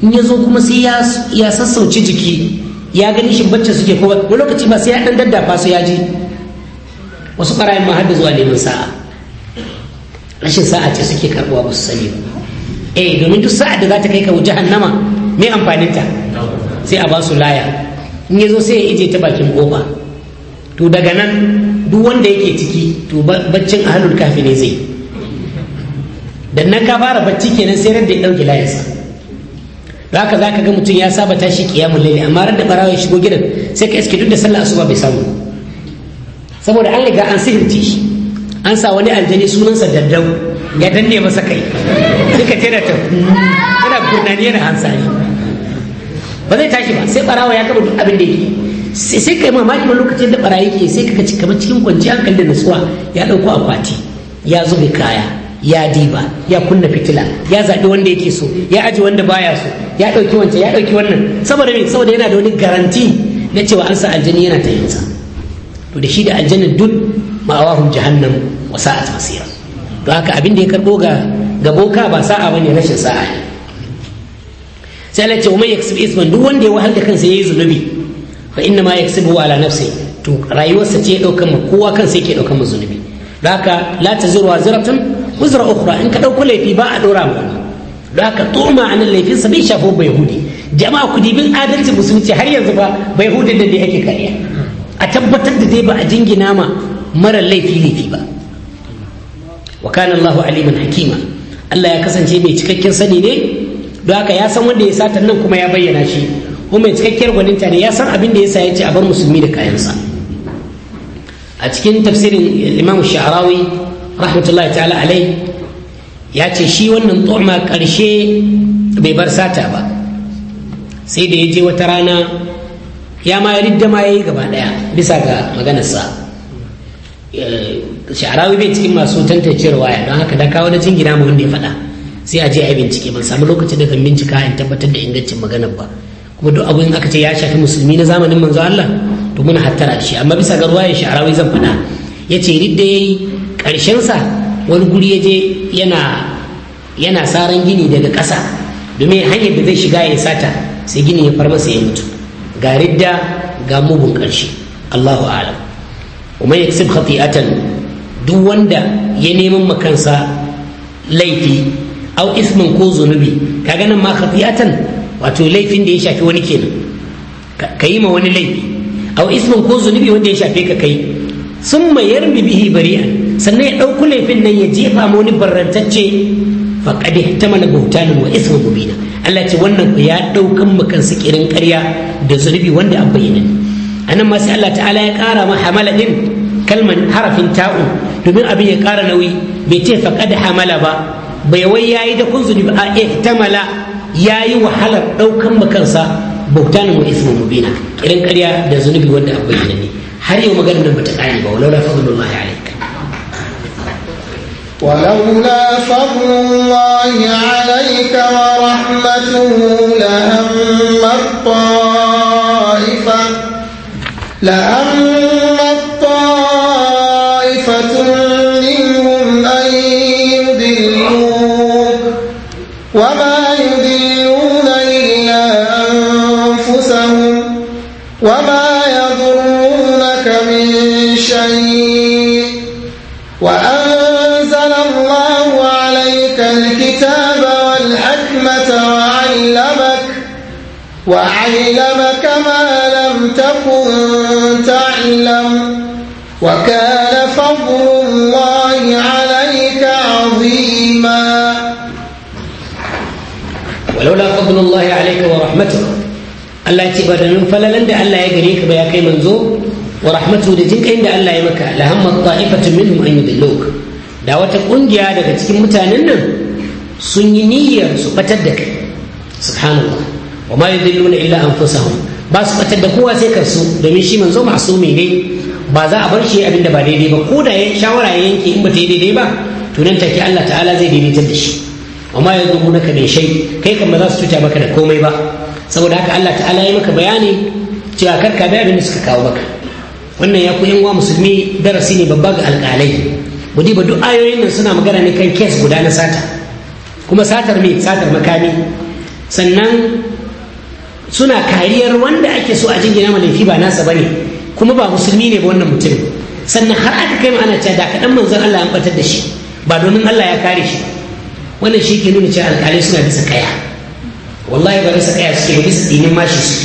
in ya zo kuma sai ya sassauci jiki ya gani shi baccin suke ko wani lokaci ba sai ya dan daddafa su ya ji wasu barayin ma har da zuwa neman sa'a rashin sa'a ce suke karbuwa ba su sani ba eh domin duk sa'ad da za ta kai ka jahannama me amfaninta sai a ba su laya in ya zo sai ya ije ta bakin kofa to daga nan duk wanda yake ciki to baccin ahlul kafi ne zai dan nan ka fara bacci kenan sai ran da ya dauki layarsa haka zaka ga mutum ya saba tashi kiyamul laili amma ran da barawa ya shigo gidan sai ka iske duk da sallah asuba bai samu saboda an riga an sihirce shi an sa wani aljani sunansa daddau ya danne masa kai ce da ta kuna, gurnani yana hansari ba zai tashi ba sai barawa ya kama duk abin da yake sai kai mamaki ma lokacin da barayi ke sai ka ci kamar cikin kwanci hankali da nutsuwa ya dauko akwati ya zube kaya ya diba ya kunna fitila ya zaɓi wanda yake so ya aji wanda baya so ya ɗauki wancan ya ɗauki wannan saboda me saboda yana da wani garanti na cewa an sa aljani yana ta yinsa to da shi da aljanin duk ma'awahum jahannam wa sa'at masira to haka abin da ya karbo ga gaboka ba sa'a bane rashin sa'a sai Allah ce wa ya yaksib isman duk wanda ya wahal da kansa yayi zunubi fa inna ma yaksibu ala nafsi to rayuwarsa ce daukan ma kowa kansa yake daukan ma zunubi haka la tazuru waziratun wuzra ukhra in ka dauko laifi ba a dora mu don haka toma anan laifin sa bai shafo bai hudi jama'a ku dibin adalci musulunci har yanzu ba bai hudu da dai ake kariya a tabbatar da dai ba a jingina ma mara laifi laifi ba wa kana Allahu aliman hakima Allah ya kasance mai cikakken sani ne don haka ya san wanda ya sata nan kuma ya bayyana shi kuma mai cikakkiyar gwaninta ne ya san abin da ya sa ya ce a bar musulmi da kayansa a cikin tafsirin Imam sha'arawi rahmatullahi ta'ala alai ya ce shi wannan tsoma karshe bai bar sata ba sai da ya je wata rana ya ma ridda ma ya yi gaba daya bisa ga maganarsa eh, sha'arawi bai cikin masu tantance ruwaya don haka da kawo na jingina mu wanda ya faɗa sai a je a yi bincike ban samu lokacin da zan bincika in tabbatar da ingancin maganar ba kuma duk abin aka ce ya shafi musulmi na zamanin manzo Allah to muna hattara da shi amma bisa ga ruwayar sha'arawi zan faɗa ya ce ridda ya yi sa. wani guri ya je yana yana saran gini daga ƙasa domin hanyar da zai shiga ya sata sai gini ya far masa ya mutu ga ridda ga mugun ƙarshe Allahu a'lam kuma yaksib khati'atan duk wanda ya neman makansa laifi au ismin ko zunubi ka ganin ma khafiyatan wato laifin da ya shafi wani kenan ka yi ma wani laifi au ismin ko zunubi wanda ya shafe ka kai sun mayar bihi bari'an sannan ya ɗauku laifin nan ya jefa ma wani barrantacce faƙaɗe ta mana bautanin wa ismin mubina Allah ce wannan ku ya ɗaukan mu kansu kirin ƙarya da zunubi wanda an bayyana anan ma sai Allah ta'ala ya ƙara ma hamala din kalman harafin ta'u domin abin ya ƙara nauyi bai ce da hamala ba bai wai ya yi da kun ba a ihtamala ya yi wahalar ɗaukan makansa bautanin wa mu mubina irin ƙarya da zunubi wanda a bayyana ne har yau maganar nan bata ƙare ba walau la Allah ya ولولا فضل الله عليك ورحمته لهم الطائفة لهم الكتاب والحكمة وعلمك وعلمك ما لم تكن تعلم وكان فضل الله عليك عظيما ولولا فضل الله عليك ورحمته الله يتبادى من فلا لندى الله يقريك بياكي منزور ورحمته دتك عند الله يمكى لهم الطائفة منهم أن يدلوك دعوتك أنجي هذا تتكي متاننا sun yi niyyar su batar da kai subhanallah wa ma yudilluna illa anfusahum ba su batar da kowa sai kansu domin shi manzo masumi ne ba za a bar shi abin da ba daidai ba ko da ya shawara ya yanke in ba ta yi daidai ba to nan take Allah ta'ala zai daidaitar da shi wa ma yudilluna ka min shay kai kan ba za su cuta maka da komai ba saboda haka Allah ta'ala ya maka bayani cewa kar ka bi abin da suka kawo maka wannan ya ku yan uwa musulmi darasi ne babba ga alƙalai mu ba duk ayoyin nan suna magana ne kan kes guda na sata kuma satar mai satar makami sannan suna kariyar wanda ake so a jingina ma laifi ba nasa bane kuma ba musulmi ne ba wannan mutum sannan har aka kai ana cewa da kaɗan manzon Allah ya ɓatar da shi ba domin Allah ya kare shi wannan shi ke nuna cewa alƙalai suna bisa kaya wallahi ba bisa kaya suke bisa dinin mashi su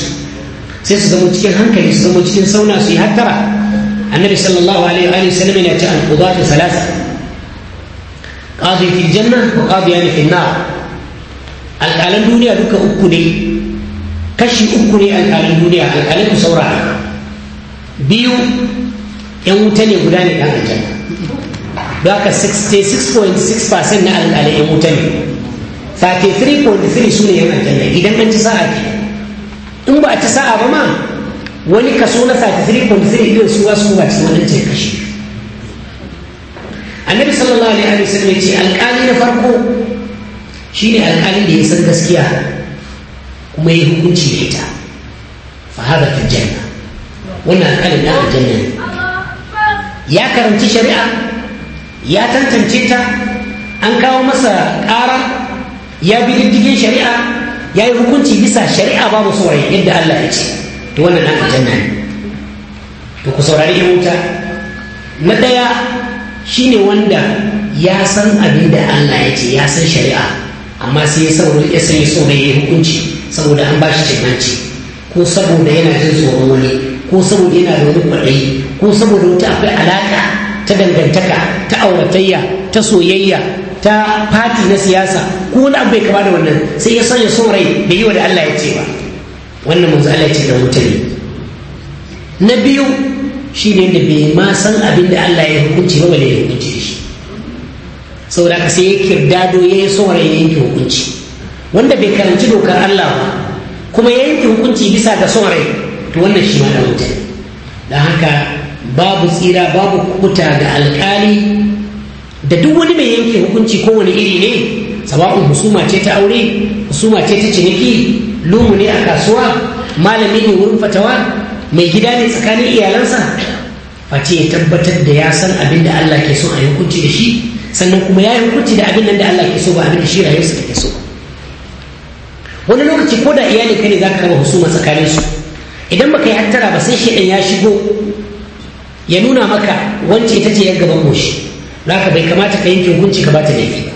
sai su zama cikin hankali su zama cikin sauna su yi hattara annabi sallallahu alaihi wa sallam ya ce al-qudatu salasa qadi fil janna wa qadiyani fil nar alƙalan duniya duka uku ne kashi uku ne alƙalan duniya alƙalai ku saurara biyu yan wuta ne guda ne ɗan aljanna don haka 66.6% na alƙalai yan wuta ne Sake 33.3 su ne yan aljanna idan an ci sa'a ke in ba a ci sa'a ba ma wani kaso na sake 33.3 ɗin su ba cikin wannan ce kashi annabi sallallahu alaihi wa sallam ce alƙali na farko shine alƙalin da ya san gaskiya kuma ya hukunci da ita fa hada fi janna wannan alƙalin na a ne ya karanci shari'a ya tantance ta an kawo masa ƙara ya bi diddigin shari'a ya yi hukunci bisa shari'a babu saurayi yadda Allah ya ce to wannan na janna ne to ku saurari in wuta na ɗaya Shi ne wanda ya san abin da Allah ya ce ya san shari'a amma sai ya saboda ya sanya tsoron ya hukunci saboda an ba shi cimanci ko saboda yana jin tsoron wani ko saboda yana da wani kwaɗayi ko saboda wata akwai alaƙa ta dangantaka ta auratayya ta soyayya ta fati na siyasa ko wani abu bai kama da wannan sai ya sanya so rai bai yi wa da Allah ya ce ba wannan manzo Allah ya ce da mutane na biyu shi ne da bai ma san abin da Allah ya hukunci ba bale ya hukunci shi. shi saboda ka sai ya kirdado ya yi son ya yanke hukunci wanda bai karanci dokar Allah ba kuma ya yanke hukunci bisa ga son to wannan shi ma da don haka babu tsira babu kuta ga alkali da duk wani mai yanke hukunci kowane iri ne sabakun husuma ce ta aure husuma ce ta ciniki lumu ne a kasuwa malami ne wurin fatawa mai gida ne tsakanin iyalansa face ya tabbatar da ya san abin da Allah ke so a hukunci da shi sannan kuma ya hukunci da abin nan da Allah ke so ba abin da shi rayuwarsa take so wani lokaci ko da iyali ka ne za ka raba husuma tsakanin su idan baka yi hattara ba sai shaidan ya shigo ya nuna maka wance ita ce yan gaban goshi za ka bai kamata ka yanke hukunci ka bata laifi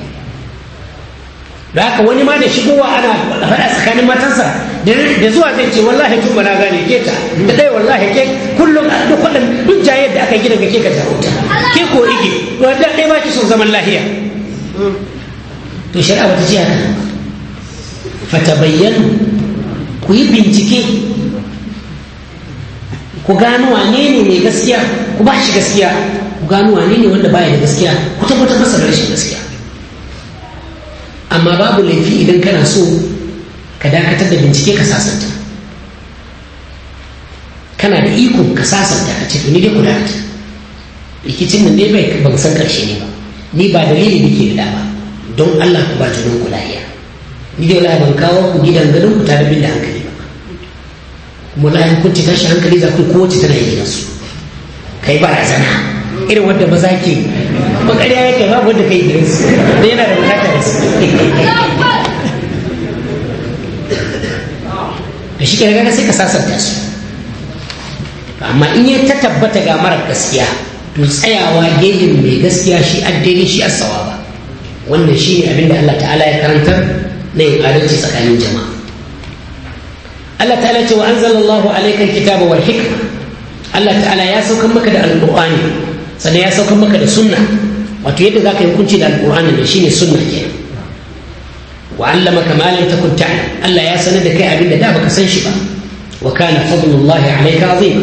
da haka wani ma da shigowa ana faɗa tsakanin matansa da zuwa zai ce wallahi tun na gane ke ta da dai wallahi ke kullum duk kwallon duk jayyar da aka gina ga ke ka jawo ta ke ko ige wanda dai ba ki son zaman lahiya to shari'a ba ta ce haka fata bayyana ku yi bincike ku gano wane ne mai gaskiya ku ba shi gaskiya ku gano wane ne wanda baya da gaskiya ku tabbatar masa da rashin gaskiya amma babu laifi idan kana so ka dakatar da bincike ka sasanta kana da iko ka sasanta ka ce to dai ku dakata rikicin nan ne bai ban san karshe ne ba ni ba dalili nake da ba don Allah ku ba junan ku lahiya ni dai wallahi ban kawo ku gidan garin ku ta da da hankali ba kuma lahiya kun kunci tashi hankali za ku kowace tana yi gidansu kai zana irin wanda maza ke ba ƙarya ya kai babu wanda kai gidansu da yana da bukatar su da shi ke sai ka sasanta su amma in ya ta tabbata ga mara gaskiya to tsayawa gejin mai gaskiya shi addini shi asawa ba wannan shi ne abinda Allah ta'ala ya karantar na yin adalci tsakanin jama'a Allah ta'ala ce wa anzalallahu alaikan kitaba wal hikma Allah ta'ala ya saukar maka da alqur'ani sannan ya saukar maka da sunna wato yadda zaka yi hukunci da alqur'ani ne shine sunna kenan wa allamaka ma Allah ya sanar da kai abin da da baka san shi ba wa kana fadlullahi alayka azima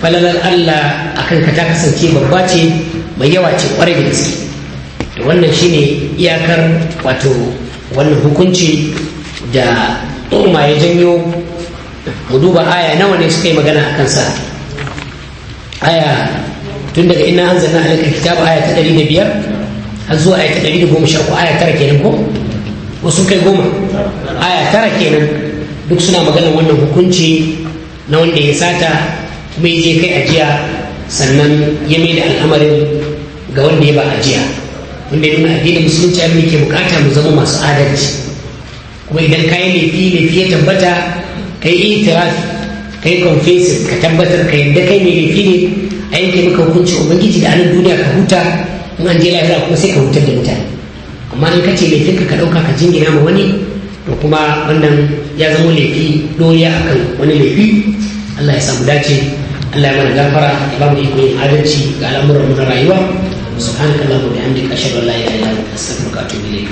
falalar Allah akan ka kasance babba ce mai yawa ce kwarai da gaske to wannan shine iyakar wato wannan hukunci da umma ya janyo mu duba aya nawa ne suka yi magana a kansa aya tun daga ina an zanna alaikar kitab aya ta 105 har zuwa aya ta 113 aya tara kenan ko wasu kai goma aya tara kenan duk suna maganar wannan hukunci na wanda ya sata kuma ya je kai ajiya sannan ya mai da al'amarin ga wanda ya ba ajiya wanda ya nuna addinin musulunci abin ke bukata mu zama masu adalci kuma idan ka yi laifi laifi ya tabbata ka yi itirafi ka yi confessing ka tabbatar ka yadda kai mai laifi ne a yanke maka hukunci ubangiji da anan duniya ka huta in an je lafiya kuma sai ka hutar da mutane amma in kace laifinka ka ɗauka ka jingina ma wani to kuma wannan ya zama laifi doya akan wani laifi Allah ya samu dace Allah ya mana gafara ya ba mu iko yin adalci ga al'amuran mu na rayuwa subhanaka allahumma bihamdika ashhadu an la ilaha illa anta astaghfiruka wa atubu ilayk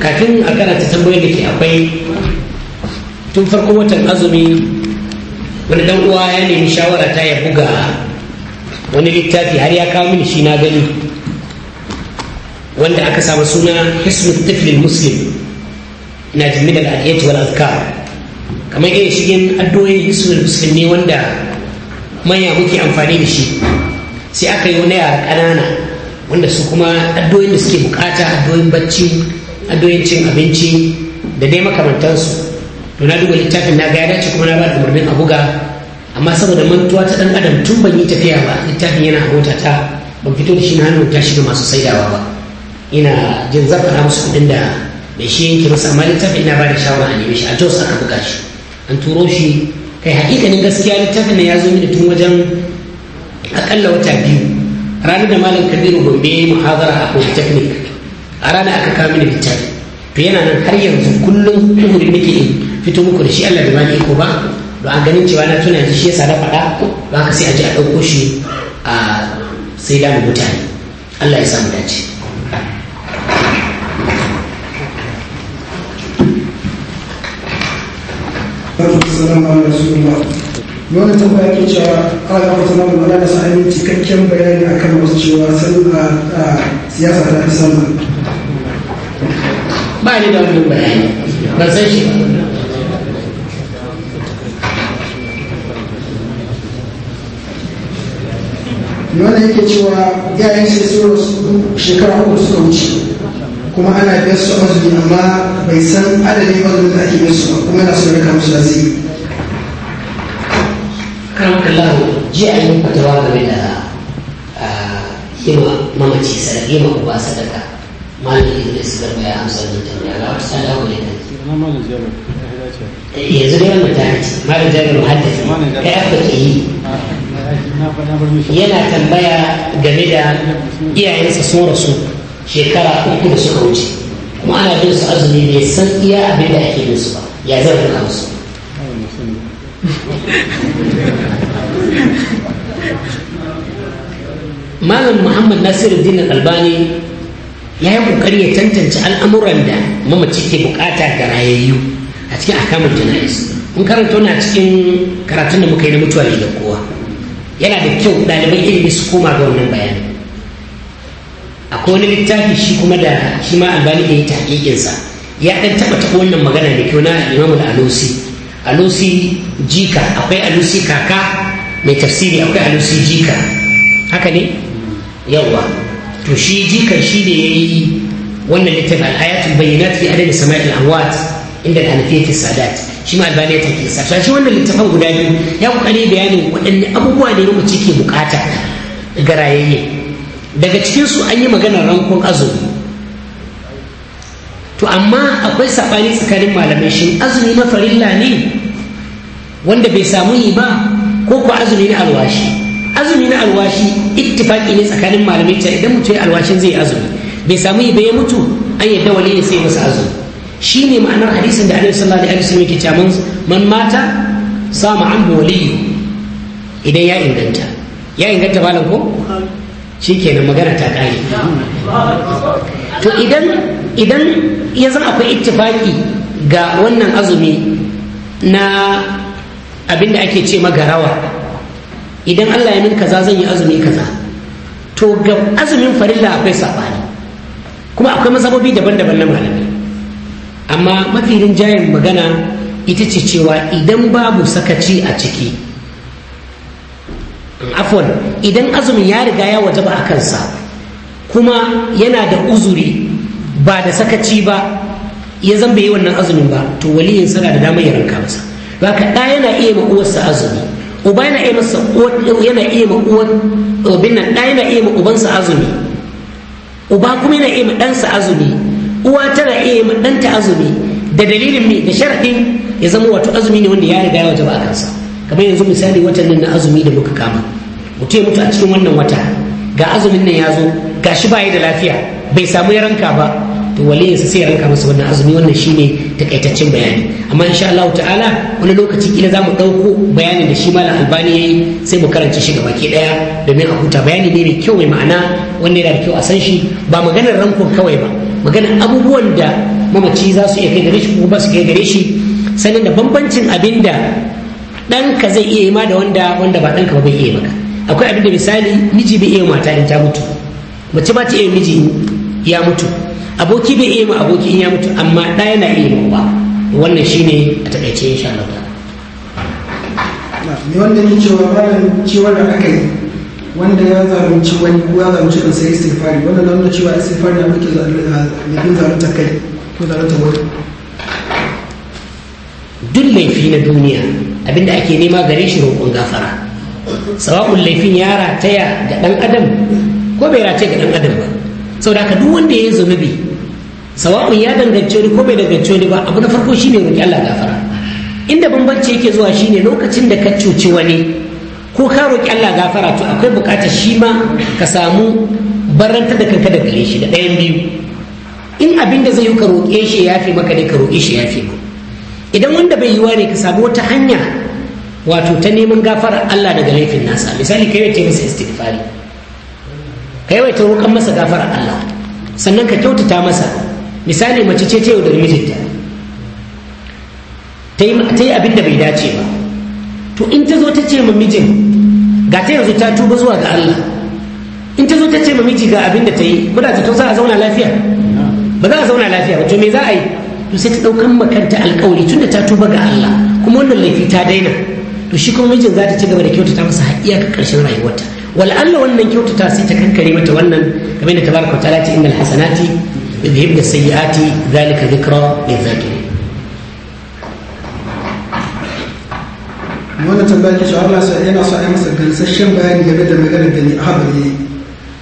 kafin a karanta tambayoyin da ke akwai tun farko watan azumi wani dan uwa ya nemi shawara ta ya buga wani littafi har ya kawo mini shi na gani wanda aka samu suna hisnul tiflil muslim na jimmin al'adiyyat wal azkar kamar iya shigin addu'o'in hisnul Musulmi ne wanda manya muke amfani da shi sai aka yi wani yara ƙanana wanda su kuma addoyin da suke bukata addoyin bacci addoyin cin abinci da dai makamantansu to na duba littafin na ga ya dace kuma na ba da umarnin a buga amma saboda mantuwa ta dan adam tun ban yi tafiya ba littafin yana a ta ban fito da shi na hannun ta da masu saidawa ba ina jin zarfa na musu kuɗin da mai shi yanke masa amma littafin ina ba da shawara a neme shi a jos aka buga shi an turo shi kai hakikanin gaskiya littafin na ya zo mini tun wajen akalla wata biyu ranar da malam kabiru gombe ya muhazara a polytechnic a ranar aka kawo mini littafi to yana nan har yanzu kullum kuhuri nake fito muku da shi allah da mani ko ba don an ganin cewa na tuna yanzu shi yasa na faɗa ba ka sai a ji a ɗauko shi a sai da mutane allah ya samu dace barka salamu ala rasulillah wannan tambaya ke cewa ana wata da sa'ani cikakken bayani akan wasu cewa sallah siyasa ta fi ba ni da wani bayani ba shi ba yake cewa shekara uku suka wuce kuma ana biyar su azumi amma bai san adadin azumin da ake biyar su ba kuma yana son rika da azumi karan kallahu ji a yin fatawa game da yima mamaci sadaka yima uba sadaka malam idris garba ya amsa da tambaya ga wata sada wani kan yanzu dai wannan ta haji malam jabir muhaddisi ka ya fata yi ah, yana tambaya game da iyayensa sun rasu shekara uku da suka wuce kuma ana bin su azumi bai san iya abin da ake bin su ba ya zai ruka musu malam muhammad nasiru Dina albani ya yi kokari ya tantance al'amuran da mamaci ke bukata ga rayayyu a cikin akamun jana'is mun karanta wani a cikin karatun da muka yi na mutuwa da kowa yana da kyau ɗaliban ilimi su koma ga wannan bayanai. Ko wani littafi shi kuma da shi ma albani da ya taƙiƙinsa ya ɗan taɓa taɓa wannan magana da kyau na imamul alusi alusi jika akwai alusi kaka mai tafsiri akwai alusi jika haka ne yawa to shi jikan shi ne ya yi wannan littafi al'ayatul bayyinat fi adadi sama'il anwat inda al-hanafiyya fi sadat shi ma albani ya take sa shi wannan littafin guda biyu ya kokari bayanin waɗanne abubuwa ne mu cike bukata ga rayayye daga cikinsu an yi magana rankon azumi to amma akwai saɓani tsakanin malamai shin azumi na ne wanda bai samu yi ba ko ko azumi na alwashi azumi na alwashi ittifaki ne tsakanin malamai ta idan mutum ya alwashin zai azumi bai samu yi ba ya mutu an yadda wali ne sai masa azumi shi ne ma'anar hadisin da alaihi sallallahu alaihi wasallam yake cewa man mata sama an waliyu idan ya inganta ya inganta malam ko shikenan magana ta kare to idan idan ya zama akwai ittifaki ga wannan azumi na abin da ake ce magarawa idan Allah ya min kaza zan yi azumi kaza to ga azumin farilla akwai sabani kuma akwai mazabobi daban-daban na malami amma mafi rinjayen magana ita ce cewa idan babu sakaci a ciki afwan idan azumin ya riga ya wajaba a kansa kuma yana da uzuri ba da sakaci ba ya zan bai yi wannan azumin ba to waliyin sana da damar ya kamsa masa ba ka ɗa yana iya ma uwarsa azumi uba yana iya masa yana iya ma uwar bin nan ɗa yana iya ma ubansa azumi uba kuma yana iya ma ɗansa azumi uwa tana iya ma ɗanta azumi da dalilin mai da sharafin ya zama wato azumi ne wanda ya riga ya wajaba a kansa kamar yanzu misali watan nan na azumi da muka kama mutum ya mutu a cikin wannan wata ga azumin nan ya zo ga shi ba da lafiya bai samu ya ranka ba to ya sai ya ranka masa wannan azumi wannan ne takaitaccen bayani amma insha Allah ta'ala wani lokaci kila za mu ɗauko bayanin da shi malam albani ya yi sai mu karanta shi gaba ke ɗaya domin a huta bayani ne mai kyau mai ma'ana wanda yana da kyau a san shi ba maganar rankon kawai ba maganar abubuwan da mamaci za su iya kai gare shi ko ba su kai gare shi sanin da bambancin abin da ɗanka zai iya yi ma da wanda wanda ba ɗanka ba bai iya maka akwai abin da misali miji bai iya mata in ta mutu mace ba ta iya miji ya mutu aboki bai iya ma aboki in ya mutu amma ɗaya yana iya ma ba wannan shine a taƙaice insha Allah ta me wanda ke cewa bayan cewa da aka yi wanda ya zarunci wani ko ya zarunci kan sai istighfari wanda na da cewa istighfari da muke zalunta zarunta kai ko zarunta wani duk laifi na duniya abinda ake nema gare shi roƙon gafara sawa'un laifin ya rataya ga ɗan adam ko bai rataya ga ɗan adam ba saboda haka duk wanda ya yi zunubi sawa'un ya danganci wani ko bai danganci wani ba abu na farko shine roki Allah gafara inda bambanci yake zuwa shine lokacin da ka cuci wani ko ka roki Allah gafara to akwai bukatar shi ma ka samu barantar da kanka da gare shi da ɗayan biyu in abin da zai yi ka roƙe shi ya fi maka ne ka roƙe shi ya fi idan wanda bai yiwa ne ka samu wata hanya wato ta neman gafara Allah daga laifin nasa misali kai wace masa istighfari kai wace roƙan masa gafara Allah sannan ka kyautata masa misali mace ce ta yau da mijinta ta yi abin da bai dace ba to in ta zo ta ce ma mijin ga ta yanzu ta tuba zuwa ga Allah in ta zo ta ce ma miji ga abin da ta yi kuna zato za a zauna lafiya ba za a zauna lafiya ba to me za a yi to sai ta ɗaukan makanta alƙawari tunda ta tuba ga Allah kuma wannan laifi ta daina to shi kuma mijin za ta ci gaba da kyautata masa har iyakar ƙarshen rayuwarta allah wannan kyautata sai ta kankare mata wannan game da tabaraka ta'ala hassanati innal hasanati da sayyiati zalika dhikra lidh-dhakirin wannan tambaya ke shawar yana so a masa gamsasshen bayani game da maganar da ni haɓar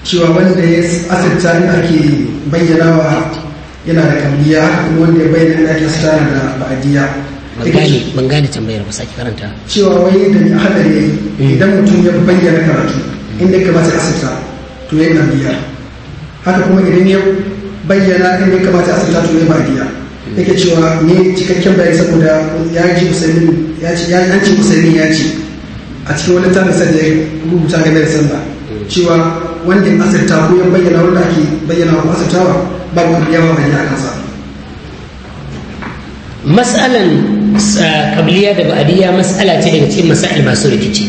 cewa wanda ya asirta ne ake bayyanawa yana da kambiya kuma wanda ya bayyana ake da ba'adiyya ban gane tambayar ba saki karanta cewa wai da hadari yayi hmm. idan mutum ya bayyana karatu inda ka ba ta asirta to yayi na biya haka kuma idan ya bayyana inda ka ba ta asirta to ya ba biya hmm. yake cewa ne cikakken bayani saboda ya ji musulmi ya ci ya an ce musulmin ya ci a cikin wani tarin sa da ya rubuta game da sallah hmm. cewa wanda ya asirta ko ya bayyana wanda ake bayyana wa asirtawa ba wanda ya ba bayyana kansa mas'alan kabliya da ba'adiyya matsala ce daga cikin masail masu rikici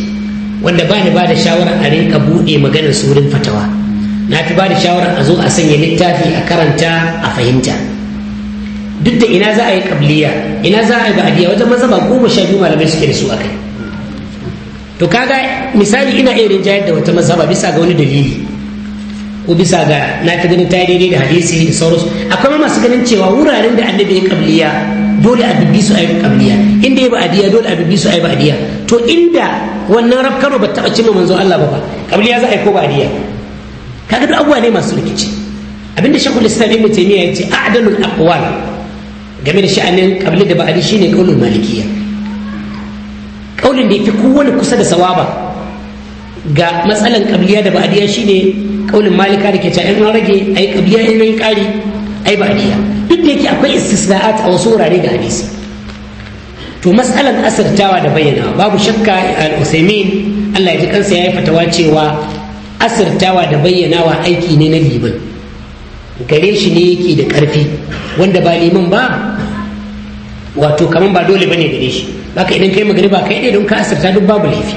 wanda ba ni ba da shawarar a rinka buɗe maganar su wurin fatawa na fi ba da shawarar a zo a sanya littafi a karanta a fahimta duk da ina za a yi kabliya ina za a yi ba'adiyya wajen mazhaba goma sha biyu malamai suke da su a kai to kaga misali ina iya rinjayar da wata mazhaba bisa ga wani dalili ko bisa ga na fi ganin ta daidai da hadisi da sauransu akwai masu ganin cewa wuraren da annabi ya kabliya dole a bibbi su a yi kabliya inda ya ba'adiyya dole a bibbi su a yi ba'adiyya to inda wannan rafkano ba taɓa cimma manzon Allah ba ba kabliya za a yi ko ba'adiyya kaga duk abubuwa ne masu rikici abinda shakul islam ibn taymiya ya ce a'dalul aqwal game da sha'anin kabli da ba'adi shine kaulul malikiyya ƙaunin da ya yafi kowane kusa da sawaba ga matsalan kabliya da ba'adiya shine ƙaunin malika da ke ta in rage ai kabliya in yi kari ai ba'adiya da yake akwai istisna'at a wasu wurare da hadisi to matsalan asirtawa da bayyana babu shakka al-usaimin Allah ya ji kansa ya yi fatawa cewa asirtawa da bayyanawa aiki ne na liman gare shi ne yake da karfi wanda ba liman ba wato kaman ba dole bane gare shi baka idan kai magariba kai ne don ka asirta duk babu laifi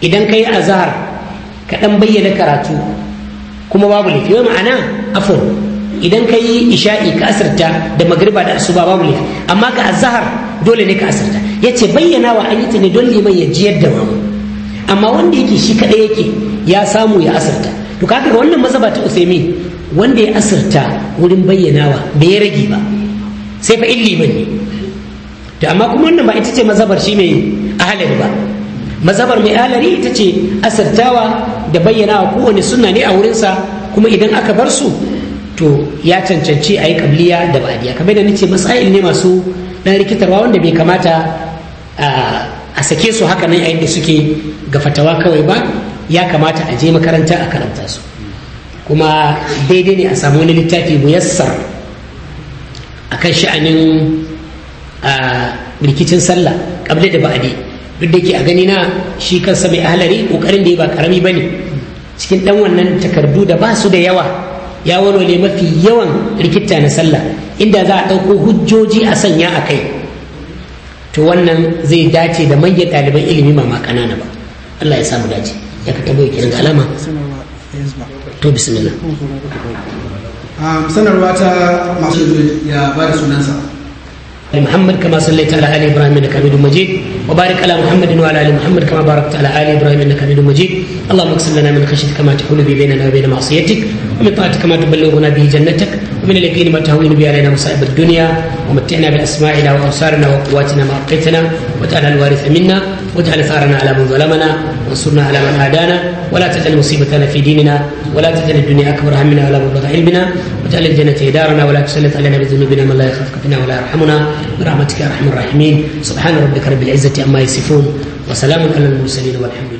idan kai azhar ka dan bayyana karatu kuma babu laifi wai ma'ana afon idan ka yi isha'i ka asirta da magriba da asuba babu ne amma ka azahar dole ne ka asirta ya ce bayyana wa an ta ne don liman ya jiyar da mamu amma wanda yake shi kaɗai yake ya samu ya asirta to kaga wannan mazaba ta usaimi wanda ya asirta wurin bayyanawa bai rage ba sai fa illi liman ne to amma kuma wannan ba ita ce mazabar shi mai ahalari ba mazabar mai ahalari ita ce asirtawa da bayyanawa kowane sunna ne a wurinsa kuma idan aka bar su to ya cancanci a yi kabliya da ba'adiya kamar da nace masail ne masu dan rikitarwa wanda bai kamata a sake su haka nan yayin da suke ga fatawa kawai ba ya kamata a je makaranta a karanta su kuma daidai ne a samu wani littafi muyassar kan sha'anin rikicin sallah kabli da ba'adi duk da ke a gani na shi kansa mai ahalari kokarin da ya ba karami bane cikin dan wannan takardu da ba su da yawa ya walwale mafi yawan rikita na sallah inda za a ɗauko hujjoji a sanya a kai to wannan zai dace da manyan ɗaliban ilimi ma ƙanana ba Allah ya samu dace ya ka tabo kiran alama to bismillah um, sanarwa ta masu ya ba da sunansa محمد كما صليت على ال ابراهيم انك حميد مجيد وبارك على محمد وعلى ال محمد كما باركت على ال ابراهيم انك حميد مجيد اللهم اقسم لنا من خشيتك ما تحول به بيننا وبين معصيتك ومن طاعتك ما تبلغنا به جنتك ومن اليقين ما تهون به علينا مصائب الدنيا ومتعنا بأسماعنا وأبصارنا وقواتنا ما أبقيتنا واجعل الوارث منا واجعل ثارنا على من ظلمنا وانصرنا على من عادانا ولا تجعل مصيبتنا في ديننا ولا تجعل الدنيا أكبر همنا ولا مبلغ علمنا واجعل الجنة دارنا ولا تسلط علينا بذنوبنا من لا يخافك فينا ولا يرحمنا برحمتك يا أرحم الراحمين سبحان ربك رب العزة عما يصفون وسلام على المرسلين والحمد لله